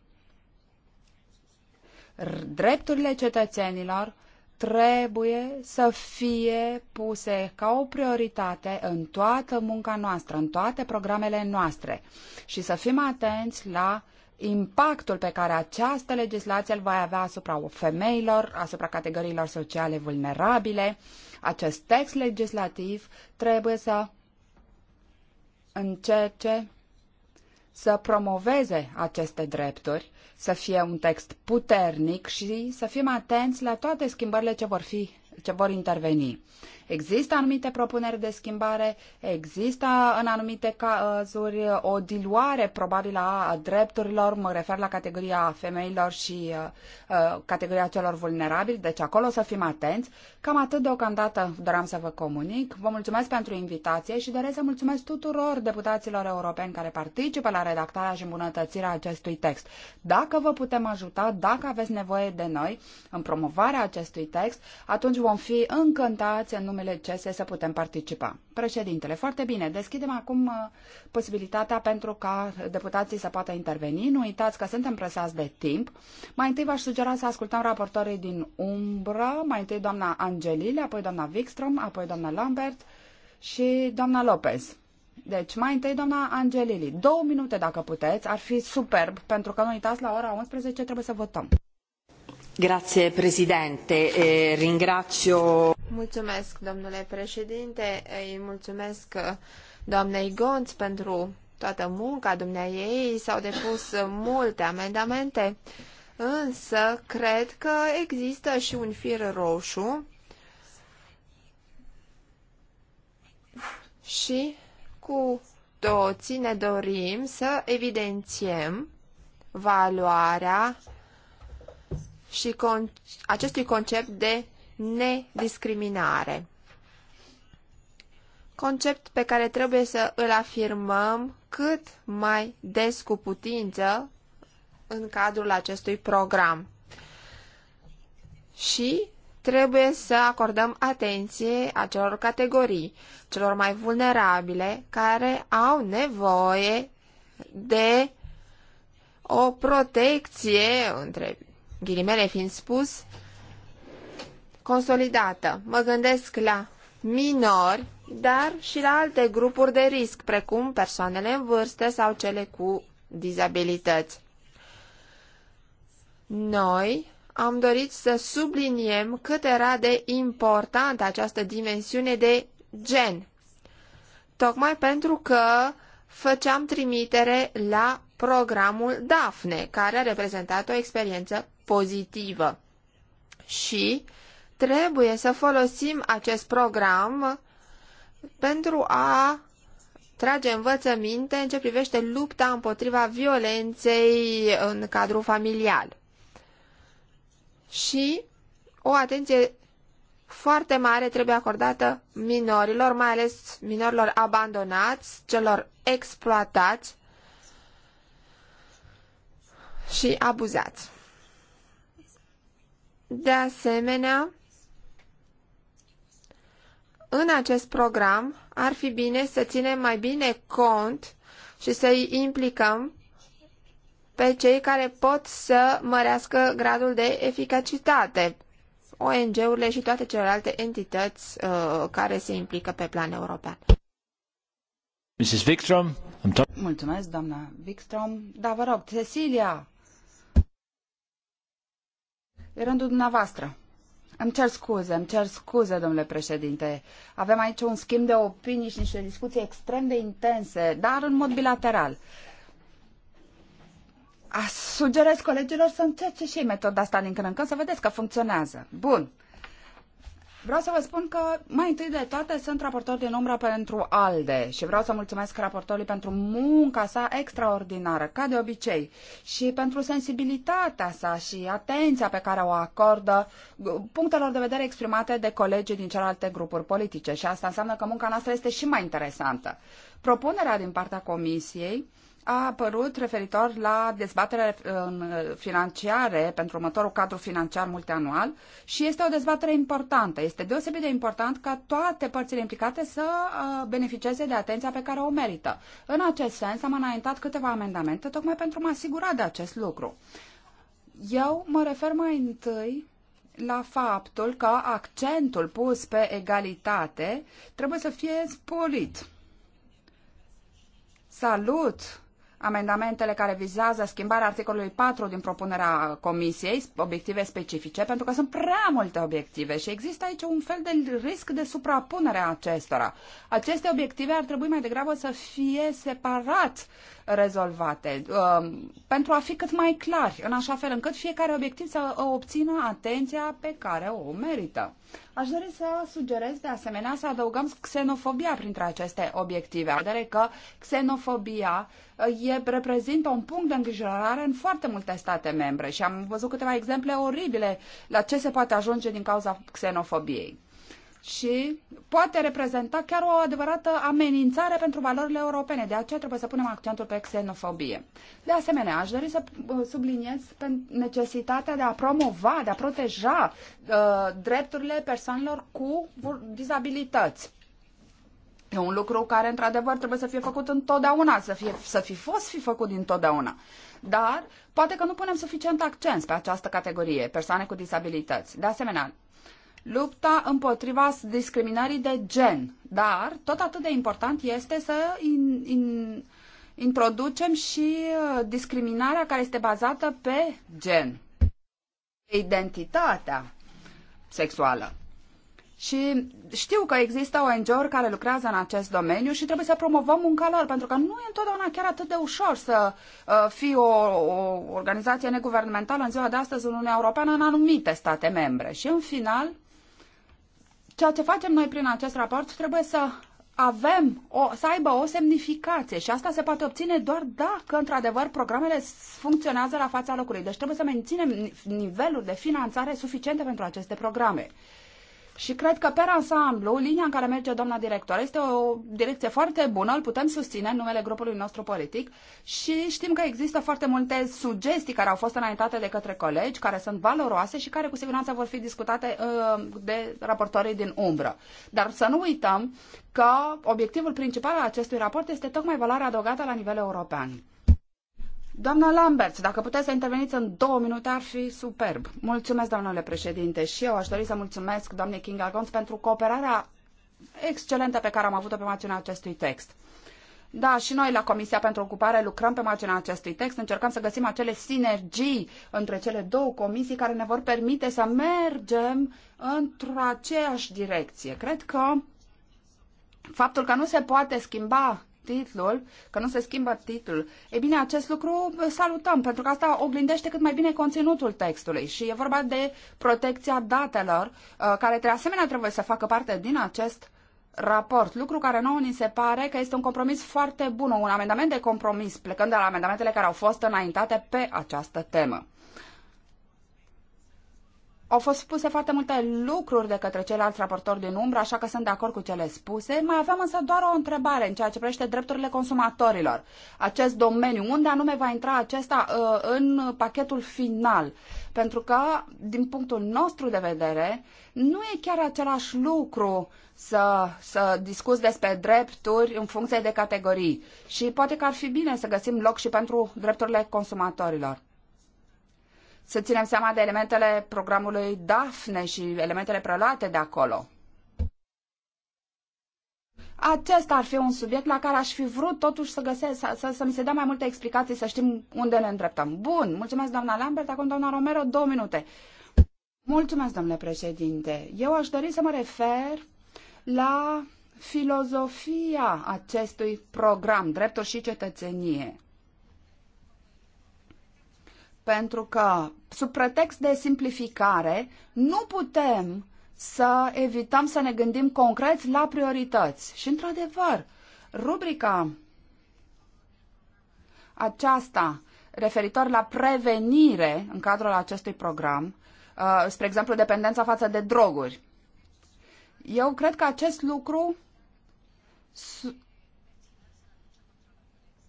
Drepturile cetățenilor trebuie să fie puse ca o prioritate în toată munca noastră, în toate programele noastre și să fim atenți la impactul pe care această legislație îl va avea asupra femeilor, asupra categoriilor sociale vulnerabile. Acest text legislativ trebuie să încerce să promoveze aceste drepturi, să fie un text puternic și să fim atenți la toate schimbările ce vor fi ce vor interveni. Există anumite propuneri de schimbare, există în anumite cazuri o diluare probabil a drepturilor, mă refer la categoria femeilor și uh, uh categoria celor vulnerabili, deci acolo să fim atenți Cam atât deocamdată doream să vă comunic. Vă mulțumesc pentru invitație și doresc să mulțumesc tuturor deputaților europeni care participă la redactarea și îmbunătățirea acestui text. Dacă vă putem ajuta, dacă aveți nevoie de noi în promovarea acestui text, atunci vom fi încântați în numele CESE să putem participa. Președintele, foarte bine, deschidem acum uh, posibilitatea pentru ca deputații să poată interveni. Nu uitați că suntem presați de timp. Mai întâi v-aș sugera să ascultăm raportorii din umbră, mai întâi doamna Angelili, apoi doamna Wikstrom, apoi doamna Lambert și doamna Lopez. Deci, mai întâi, doamna Angelili, două minute dacă puteți, ar fi superb, pentru că nu uitați, la ora 11 trebuie să votăm. Grazie, Presidente. ringrazio... Mulțumesc, domnule președinte, îi mulțumesc uh, doamnei Gonț pentru toată munca dumneai. S-au depus multe amendamente, însă cred că există și un fir roșu și cu toții ne dorim să evidențiem valoarea și con acestui concept de nediscriminare. Concept pe care trebuie să îl afirmăm cât mai des cu putință în cadrul acestui program. Și trebuie să acordăm atenție acelor categorii, celor mai vulnerabile, care au nevoie de o protecție, între ghilimele fiind spus, consolidată. Mă gândesc la minori, dar și la alte grupuri de risc, precum persoanele în vârstă sau cele cu dizabilități. Noi am dorit să subliniem cât era de importantă această dimensiune de gen. Tocmai pentru că făceam trimitere la programul DAFNE, care a reprezentat o experiență pozitivă. Și trebuie să folosim acest program pentru a trage învățăminte în ce privește lupta împotriva violenței în cadrul familial și o atenție foarte mare trebuie acordată minorilor, mai ales minorilor abandonați, celor exploatați și abuzați. De asemenea, în acest program ar fi bine să ținem mai bine cont și să-i implicăm pe cei care pot să mărească gradul de eficacitate, ONG-urile și toate celelalte entități uh, care se implică pe plan european. Mrs. Wikström, I'm Mulțumesc, doamna Wikström. Da, vă rog, Cecilia, E rândul dumneavoastră. Îmi cer scuze, îmi cer scuze, domnule președinte. Avem aici un schimb de opinii și niște discuții extrem de intense, dar în mod bilateral. A, sugerez colegilor să încerce și metoda asta din când în când, să vedeți că funcționează. Bun. Vreau să vă spun că, mai întâi de toate, sunt raportor din umbra pentru ALDE și vreau să mulțumesc raportorului pentru munca sa extraordinară, ca de obicei, și pentru sensibilitatea sa și atenția pe care o acordă punctelor de vedere exprimate de colegii din celelalte grupuri politice. Și asta înseamnă că munca noastră este și mai interesantă. Propunerea din partea Comisiei a apărut referitor la dezbatere financiare pentru următorul cadru financiar multianual și este o dezbatere importantă. Este deosebit de important ca toate părțile implicate să beneficieze de atenția pe care o merită. În acest sens am înaintat câteva amendamente tocmai pentru a mă asigura de acest lucru. Eu mă refer mai întâi la faptul că accentul pus pe egalitate trebuie să fie spolit. Salut amendamentele care vizează schimbarea articolului 4 din propunerea Comisiei, obiective specifice, pentru că sunt prea multe obiective și există aici un fel de risc de suprapunere a acestora. Aceste obiective ar trebui mai degrabă să fie separat rezolvate, uh, pentru a fi cât mai clari, în așa fel încât fiecare obiectiv să obțină atenția pe care o merită. Aș dori să sugerez de asemenea să adăugăm xenofobia printre aceste obiective, vedere că xenofobia uh, e, reprezintă un punct de îngrijorare în foarte multe state membre și am văzut câteva exemple oribile la ce se poate ajunge din cauza xenofobiei și poate reprezenta chiar o adevărată amenințare pentru valorile europene. De aceea trebuie să punem accentul pe xenofobie. De asemenea, aș dori să uh, subliniez necesitatea de a promova, de a proteja uh, drepturile persoanelor cu dizabilități. E un lucru care, într-adevăr, trebuie să fie făcut întotdeauna, să, fie, să fi fost fi făcut întotdeauna. Dar poate că nu punem suficient accent pe această categorie, persoane cu disabilități. De asemenea, lupta împotriva discriminării de gen. Dar tot atât de important este să in, in, introducem și uh, discriminarea care este bazată pe gen, pe identitatea sexuală. Și știu că există ONG-uri care lucrează în acest domeniu și trebuie să promovăm munca lor, pentru că nu e întotdeauna chiar atât de ușor să uh, fii o, o organizație neguvernamentală în ziua de astăzi în Uniunea Europeană în anumite state membre. Și în final, Ceea ce facem noi prin acest raport trebuie să avem o, să aibă o semnificație și asta se poate obține doar dacă, într-adevăr, programele funcționează la fața locului. Deci trebuie să menținem nivelul de finanțare suficiente pentru aceste programe. Și cred că, pe ansamblu, linia în care merge doamna director este o direcție foarte bună, îl putem susține în numele grupului nostru politic și știm că există foarte multe sugestii care au fost înaintate de către colegi, care sunt valoroase și care cu siguranță vor fi discutate uh, de raportorii din umbră. Dar să nu uităm că obiectivul principal al acestui raport este tocmai valoarea adăugată la nivel european. Doamna Lambert, dacă puteți să interveniți în două minute, ar fi superb. Mulțumesc, domnule președinte, și eu aș dori să mulțumesc doamnei king Gons pentru cooperarea excelentă pe care am avut-o pe marginea acestui text. Da, și noi la Comisia pentru Ocupare lucrăm pe marginea acestui text, încercăm să găsim acele sinergii între cele două comisii care ne vor permite să mergem într-o aceeași direcție. Cred că faptul că nu se poate schimba titlul, că nu se schimbă titlul. E bine, acest lucru salutăm, pentru că asta oglindește cât mai bine conținutul textului și e vorba de protecția datelor, uh, care de asemenea trebuie să facă parte din acest raport, lucru care nouă ni se pare că este un compromis foarte bun, un amendament de compromis, plecând de la amendamentele care au fost înaintate pe această temă. Au fost spuse foarte multe lucruri de către ceilalți raportori din umbră, așa că sunt de acord cu cele spuse. Mai aveam însă doar o întrebare în ceea ce privește drepturile consumatorilor. Acest domeniu, unde anume va intra acesta uh, în pachetul final? Pentru că, din punctul nostru de vedere, nu e chiar același lucru să, să discuți despre drepturi în funcție de categorii. Și poate că ar fi bine să găsim loc și pentru drepturile consumatorilor să ținem seama de elementele programului DAFNE și elementele preluate de acolo. Acesta ar fi un subiect la care aș fi vrut totuși să găsesc, să, să, să mi se dea mai multe explicații, să știm unde ne îndreptăm. Bun, mulțumesc doamna Lambert, acum doamna Romero, două minute. Mulțumesc, domnule președinte. Eu aș dori să mă refer la filozofia acestui program, drepturi și cetățenie pentru că, sub pretext de simplificare, nu putem să evităm să ne gândim concret la priorități. Și, într-adevăr, rubrica aceasta referitor la prevenire în cadrul acestui program, uh, spre exemplu, dependența față de droguri. Eu cred că acest lucru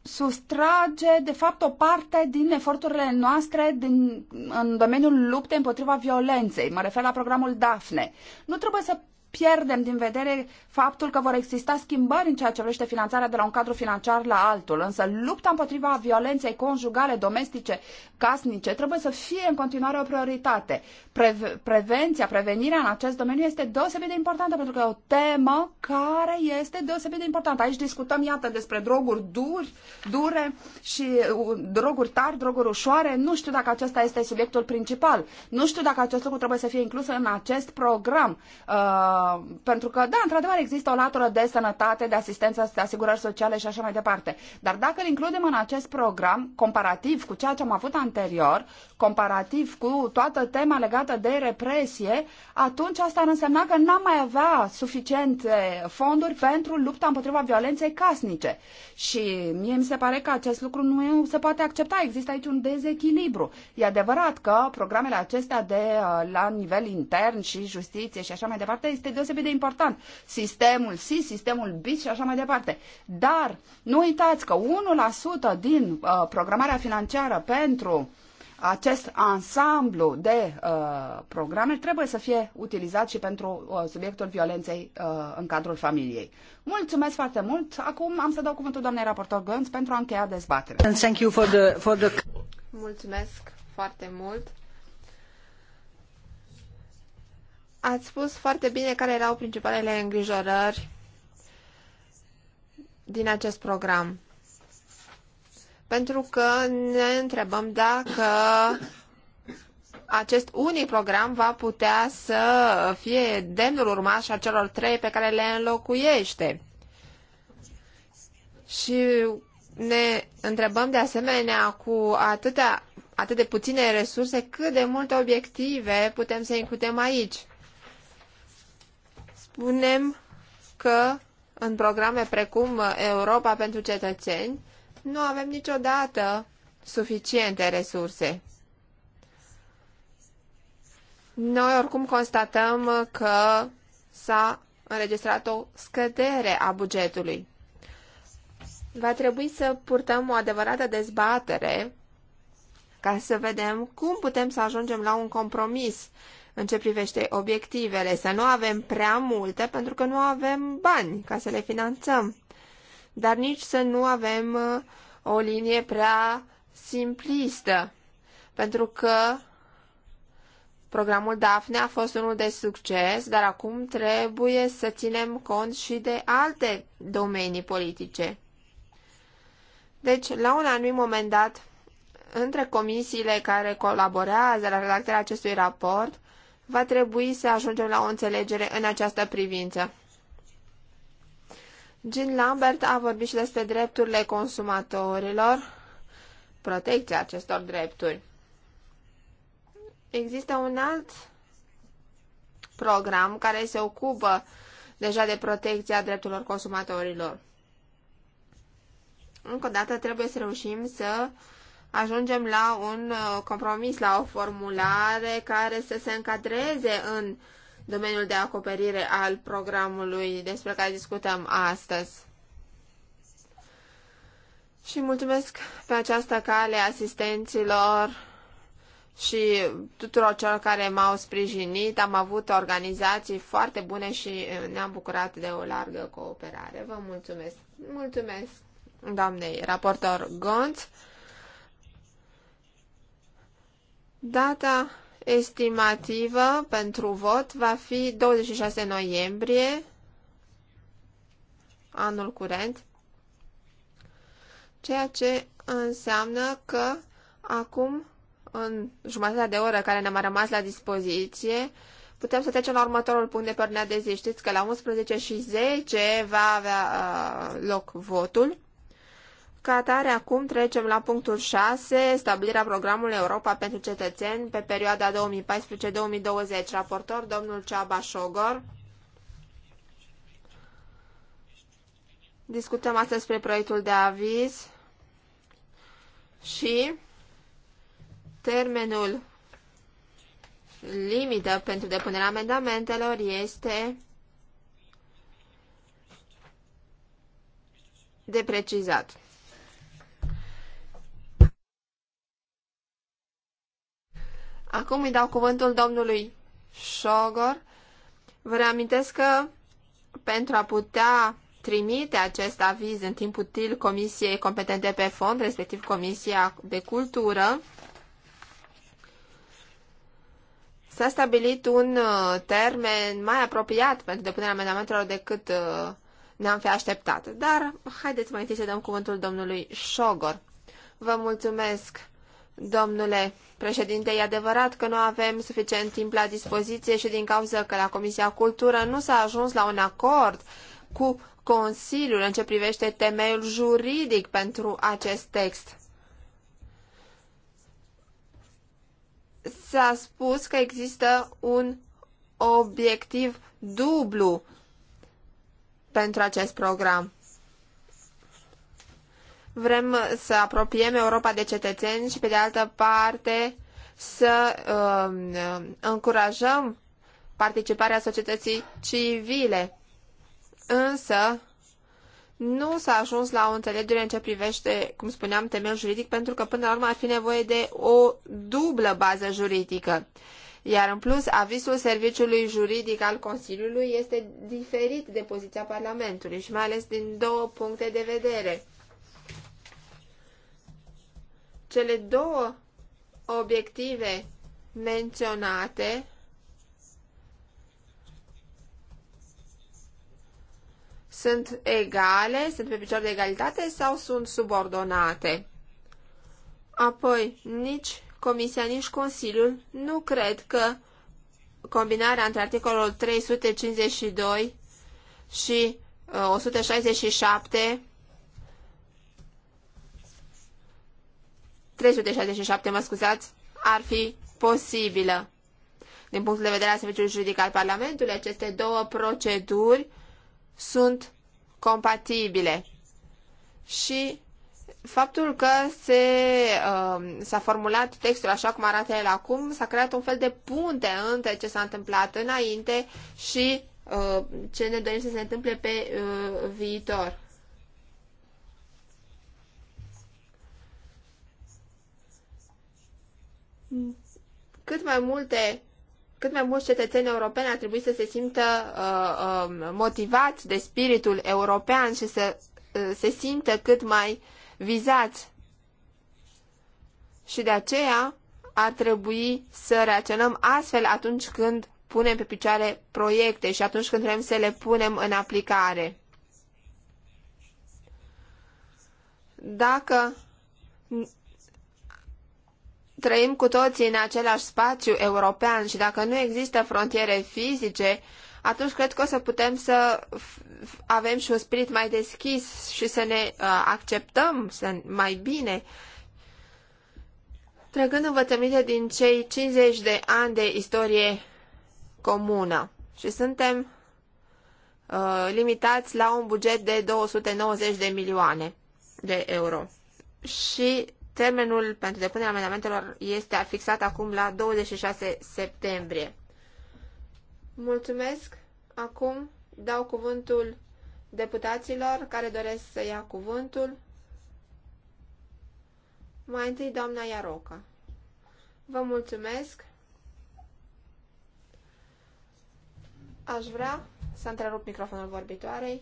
sustrage, de fapt, o parte din eforturile noastre din, în domeniul luptei împotriva violenței. Mă refer la programul DAFNE. Nu trebuie să pierdem din vedere faptul că vor exista schimbări în ceea ce privește finanțarea de la un cadru financiar la altul. Însă lupta împotriva violenței conjugale, domestice, casnice trebuie să fie în continuare o prioritate. Pre- prevenția, prevenirea în acest domeniu este deosebit de importantă pentru că e o temă care este deosebit de importantă. Aici discutăm, iată, despre droguri duri, dure și uh, droguri tari, droguri ușoare. Nu știu dacă acesta este subiectul principal. Nu știu dacă acest lucru trebuie să fie inclus în acest program. Uh, pentru că, da, într-adevăr, există o latură de sănătate, de asistență, de asigurări sociale și așa mai departe. Dar dacă îl includem în acest program, comparativ cu ceea ce am avut anterior, comparativ cu toată tema legată de represie, atunci asta ar însemna că n-am mai avea suficiente fonduri pentru lupta împotriva violenței casnice. Și mie mi se pare că acest lucru nu se poate accepta. Există aici un dezechilibru. E adevărat că programele acestea de uh, la nivel intern și justiție și așa mai departe este deosebit de important. Sistemul si sistemul BIS și așa mai departe. Dar nu uitați că 1% din uh, programarea financiară pentru acest ansamblu de uh, programe trebuie să fie utilizat și pentru uh, subiectul violenței uh, în cadrul familiei. Mulțumesc foarte mult. Acum am să dau cuvântul doamnei raportor Gânț pentru a încheia dezbaterea. Mulțumesc foarte mult Ați spus foarte bine care erau principalele îngrijorări din acest program. Pentru că ne întrebăm dacă acest unic program va putea să fie demnul urmaș a celor trei pe care le înlocuiește. Și ne întrebăm de asemenea cu atâtea, atât de puține resurse, cât de multe obiective putem să includem aici spunem că în programe precum uh, Europa pentru cetățeni nu avem niciodată suficiente resurse. Noi oricum constatăm că s-a înregistrat o scădere a bugetului. Va trebui să purtăm o adevărată dezbatere ca să vedem cum putem să ajungem la un compromis în ce privește obiectivele, să nu avem prea multe pentru că nu avem bani ca să le finanțăm, dar nici să nu avem uh, o linie prea simplistă, pentru că programul DAFNE a fost unul de succes, dar acum trebuie să ținem cont și de alte domenii politice. Deci, la un anumit moment dat, între comisiile care colaborează la redactarea acestui raport, va trebui să ajungem la o înțelegere în această privință. Jean Lambert a vorbit și despre drepturile consumatorilor, protecția acestor drepturi. Există un alt program care se ocupă deja de protecția drepturilor consumatorilor. Încă o dată trebuie să reușim să uh, ajungem la un uh, compromis, la o formulare care să se încadreze în domeniul de acoperire al programului despre care discutăm astăzi. Și mulțumesc pe această cale asistenților și tuturor celor care m-au sprijinit. Am avut organizații foarte bune și ne-am bucurat de o largă cooperare. Vă mulțumesc! Mulțumesc doamnei raportor Gonț. Data estimativă pentru vot va fi 26 noiembrie anul curent, ceea ce înseamnă că acum, în jumătatea de oră care ne-a rămas la dispoziție, putem să trecem la următorul punct de pe ordinea de zi. Știți că la 11 și 10 va avea uh, loc votul. Ca atare, acum trecem la punctul 6, stabilirea programului Europa pentru cetățeni pe perioada 2014-2020. Raportor, domnul Ceaba Șogor. Discutăm astăzi despre proiectul de aviz și termenul limită pentru depunerea amendamentelor este de precizat. Acum îi dau cuvântul domnului Șogor. Vă reamintesc că pentru a putea trimite acest aviz în timp util Comisiei competente pe fond, respectiv Comisia de Cultură, s-a stabilit un uh, termen mai apropiat pentru depunerea amendamentelor decât uh, ne-am fi așteptat. Dar haideți mai întâi să dăm cuvântul domnului Șogor. Vă mulțumesc! Domnule președinte, e adevărat că nu avem suficient timp la dispoziție și din cauza că la Comisia Cultură nu s-a ajuns la un acord cu Consiliul în ce privește temeiul juridic pentru acest text. S-a spus că există un obiectiv dublu pentru acest program vrem să apropiem Europa de cetățeni și, pe de altă parte, să uh, încurajăm participarea societății civile. Însă, nu s-a ajuns la o înțelegere în ce privește, cum spuneam, temeiul juridic, pentru că până la urmă ar fi nevoie de o dublă bază juridică. Iar în plus, avizul serviciului juridic al Consiliului este diferit de poziția Parlamentului și mai ales din două puncte de vedere. Cele două obiective menționate sunt egale, sunt pe picior de egalitate sau sunt subordonate. Apoi, nici Comisia, nici Consiliul nu cred că combinarea între articolul 352 și 167 367, mă scuzați, ar fi posibilă. Din punctul de vedere al Serviciului Juridic al Parlamentului, aceste două proceduri sunt compatibile. Și faptul că se, um, s-a formulat textul așa cum arată el acum, s-a creat un fel de punte între ce s-a întâmplat înainte și uh, ce ne dorim să se întâmple pe uh, viitor. cât mai multe cât mai mulți cetățeni europeni ar trebui să se simtă uh, uh, motivați de spiritul european și să uh, se simtă cât mai vizați. Și de aceea ar trebui să reacționăm astfel atunci când punem pe picioare proiecte și atunci când vrem să le punem în aplicare. Dacă Trăim cu toții în același spațiu european și dacă nu există frontiere fizice, atunci cred că o să putem să avem și un spirit mai deschis și să ne uh, acceptăm mai bine. Trăgând învățăminte din cei 50 de ani de istorie comună și suntem uh, limitați la un buget de 290 de milioane de euro. Și Termenul pentru depunerea amendamentelor este fixat acum la 26 septembrie. Mulțumesc. Acum dau cuvântul deputaților care doresc să ia cuvântul. Mai întâi, doamna Iaroca. Vă mulțumesc. Aș vrea să întrerup microfonul vorbitoarei.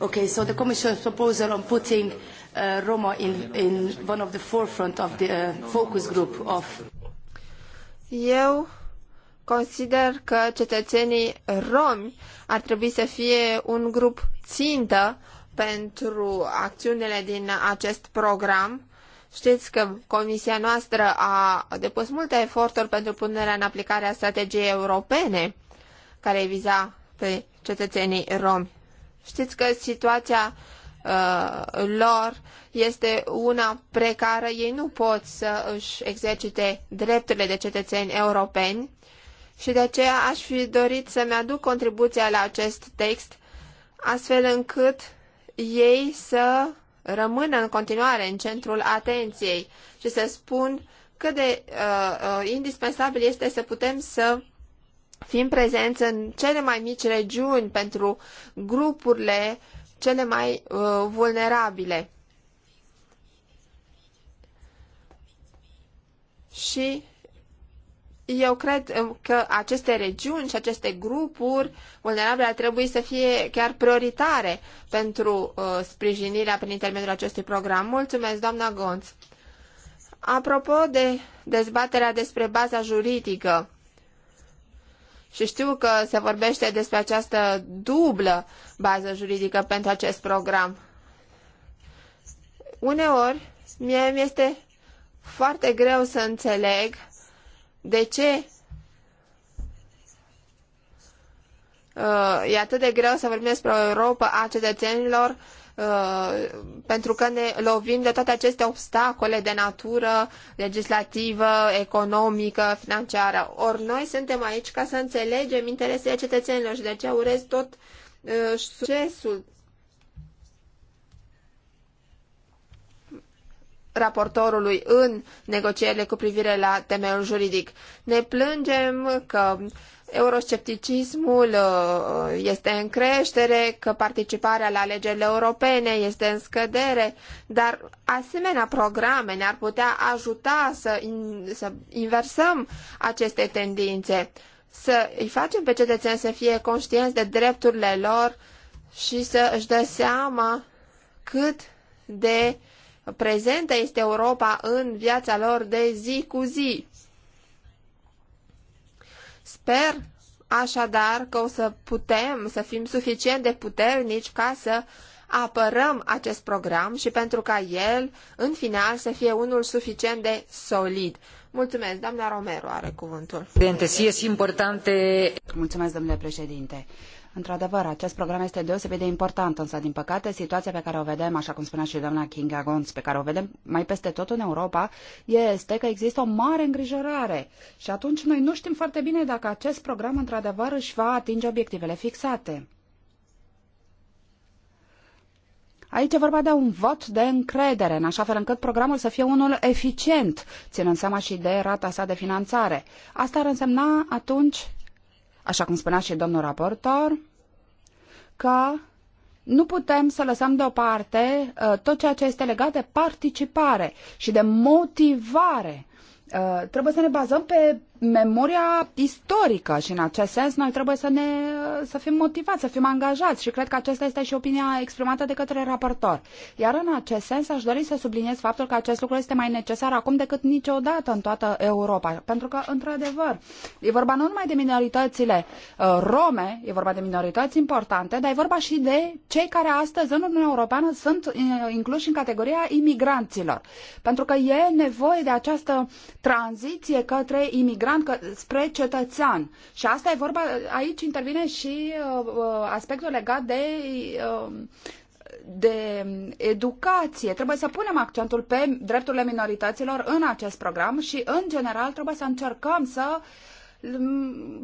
Okay, so the Commission's proposal on putting uh, Roma in, in one of the forefront of the uh, focus group of... Eu consider că cetățenii romi ar trebui să fie un grup țintă pentru acțiunile din acest program. Știți că comisia noastră a depus multe eforturi pentru punerea în aplicare a strategiei europene care viza pe cetățenii romi. Știți că situația uh, lor este una precară, ei nu pot să își exercite drepturile de cetățeni europeni și de aceea aș fi dorit să-mi aduc contribuția la acest text, astfel încât ei să rămână în continuare în centrul atenției și să spun cât de uh, uh, indispensabil este să putem să fiind prezenți în cele mai mici regiuni pentru grupurile cele mai uh, vulnerabile. Și eu cred uh, că aceste regiuni și aceste grupuri vulnerabile ar trebui să fie chiar prioritare pentru uh, sprijinirea prin intermediul acestui program. Mulțumesc, doamna Gonț. Apropo de dezbaterea despre baza juridică, și știu că se vorbește despre această dublă bază juridică pentru acest program. Uneori, mie mi este foarte greu să înțeleg de ce uh, e atât de greu să vorbim despre o Europa a cetățenilor Uh, pentru că ne lovim de toate aceste obstacole de natură legislativă, economică, financiară. Ori noi suntem aici ca să înțelegem interesele cetățenilor și de aceea urez tot uh, succesul raportorului în negocierile cu privire la temeiul juridic. Ne plângem că euroscepticismul uh, este în creștere, că participarea la alegerile europene este în scădere, dar asemenea programe ne-ar putea ajuta să, in, să inversăm aceste tendințe, să îi facem pe cetățeni să fie conștienți de drepturile lor și să își dea seama cât de uh, prezentă este Europa în viața lor de zi cu zi. Sper așadar că o să putem să fim suficient de puternici ca să apărăm acest program și pentru ca el, în final, să fie unul suficient de solid. Mulțumesc, doamna Romero are cuvântul. Președinte, si este importante... Mulțumesc, domnule președinte. Într-adevăr, acest program este deosebit de important, însă, din păcate, situația pe care o vedem, așa cum spunea și doamna Kinga Gons, pe care o vedem mai peste tot în Europa, este că există o mare îngrijorare. Și atunci noi nu știm foarte bine dacă acest program, într-adevăr, își va atinge obiectivele fixate. Aici e vorba de un vot de încredere, în așa fel încât programul să fie unul eficient, ținând seama și de rata sa de finanțare. Asta ar însemna atunci așa cum spunea și domnul raportor, că nu putem să lăsăm deoparte uh, tot ceea ce este legat de participare și de motivare. Uh, trebuie să ne bazăm pe memoria istorică și în acest sens noi trebuie să, ne, să fim motivați, să fim angajați și cred că aceasta este și opinia exprimată de către raportor. Iar în acest sens aș dori să subliniez faptul că acest lucru este mai necesar acum decât niciodată în toată Europa. Pentru că, într-adevăr, e vorba nu numai de minoritățile uh, rome, e vorba de minorități importante, dar e vorba și de cei care astăzi în Uniunea Europeană sunt uh, incluși în categoria imigranților. Pentru că e nevoie de această tranziție către imigranți migrant că, spre cetățean. Și asta e vorba, aici intervine și uh, uh, aspectul legat de uh, de educație. Trebuie să punem accentul pe drepturile minorităților în acest program și, în general, trebuie să încercăm să uh,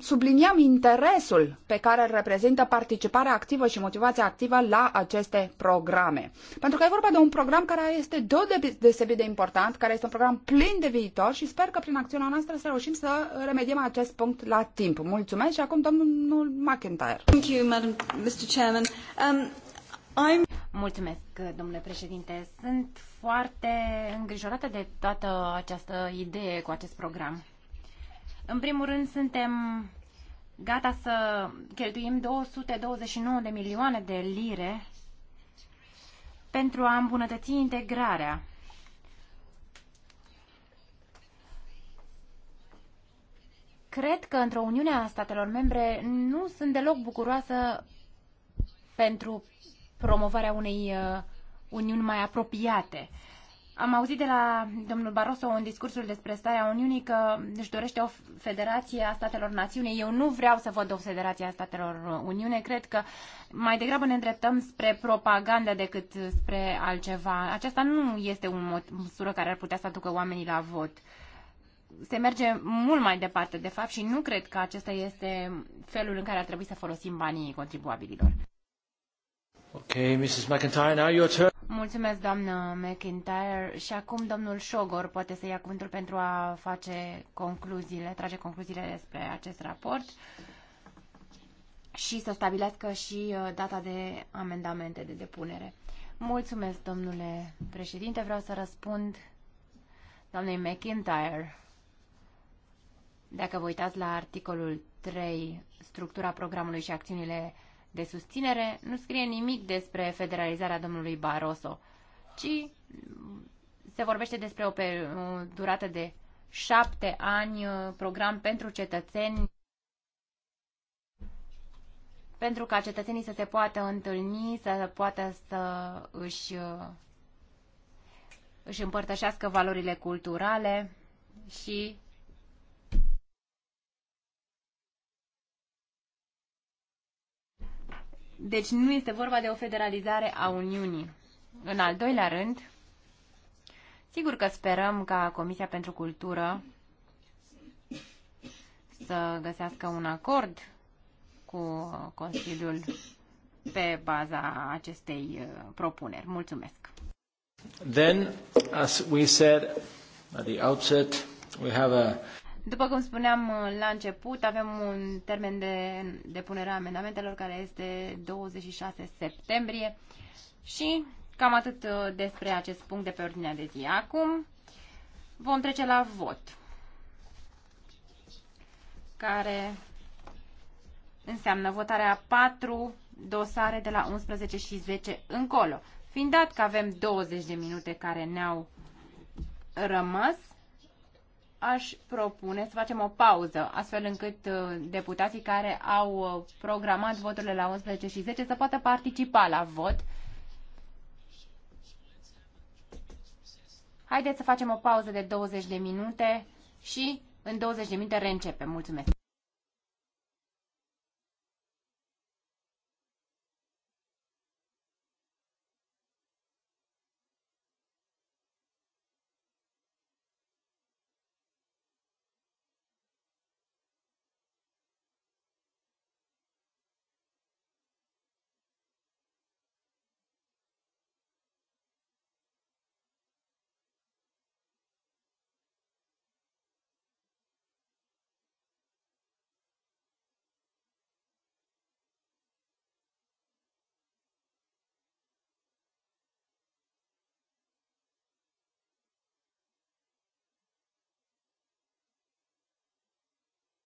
subliniem interesul pe care îl reprezintă participarea activă și motivația activă la aceste programe. Pentru că e vorba de un program care este deosebit de important, care este un program plin de viitor și sper că prin acțiunea noastră să reușim să remediem acest punct la timp. Mulțumesc și acum domnul McIntyre. Thank you, Madam, Mr. Chairman. Um, I'm... Mulțumesc, domnule președinte. Sunt foarte îngrijorată de toată această idee cu acest program. În primul rând, suntem gata să cheltuim 229 de milioane de lire pentru a îmbunătăți integrarea. Cred că într-o Uniune a statelor membre nu sunt deloc bucuroasă pentru promovarea unei uh, uniuni mai apropiate. Am auzit de la domnul Barroso în discursul despre starea Uniunii că își dorește o federație a statelor națiune. Eu nu vreau să văd o federație a statelor Uniune. Cred că mai degrabă ne îndreptăm spre propaganda decât spre altceva. Aceasta nu este o măsură care ar putea să aducă oamenii la vot. Se merge mult mai departe, de fapt, și nu cred că acesta este felul în care ar trebui să folosim banii contribuabililor. Okay, Mrs. McIntyre, now your turn. Mulțumesc, doamnă McIntyre. Și acum domnul Șogor poate să ia cuvântul pentru a face concluziile, trage concluziile despre acest raport și să stabilească și uh, data de amendamente de depunere. Mulțumesc, domnule președinte. Vreau să răspund doamnei McIntyre. Dacă vă uitați la articolul 3, structura programului și acțiunile de susținere, nu scrie nimic despre federalizarea domnului Barroso, ci se vorbește despre o, o durată de șapte ani, uh, program pentru cetățeni, pentru ca cetățenii să se poată întâlni, să poată să își, uh, își împărtășească valorile culturale și Deci nu este vorba de o federalizare a Uniunii. În al doilea rând, sigur că sperăm ca Comisia pentru Cultură să găsească un acord cu Consiliul pe baza acestei uh, propuneri. Mulțumesc. Then, as we said at the outset, we have a după cum spuneam uh, la început, avem un termen de depunere a amendamentelor care este 26 septembrie și cam atât uh, despre acest punct de pe ordinea de zi. Acum vom trece la vot, care înseamnă votarea a patru dosare de la 11 și 10 încolo. Fiind dat că avem 20 de minute care ne-au rămas, aș propune să facem o pauză, astfel încât uh, deputații care au uh, programat voturile la 11 și 10 să poată participa la vot. Haideți să facem o pauză de 20 de minute și în 20 de minute reîncepem. Mulțumesc!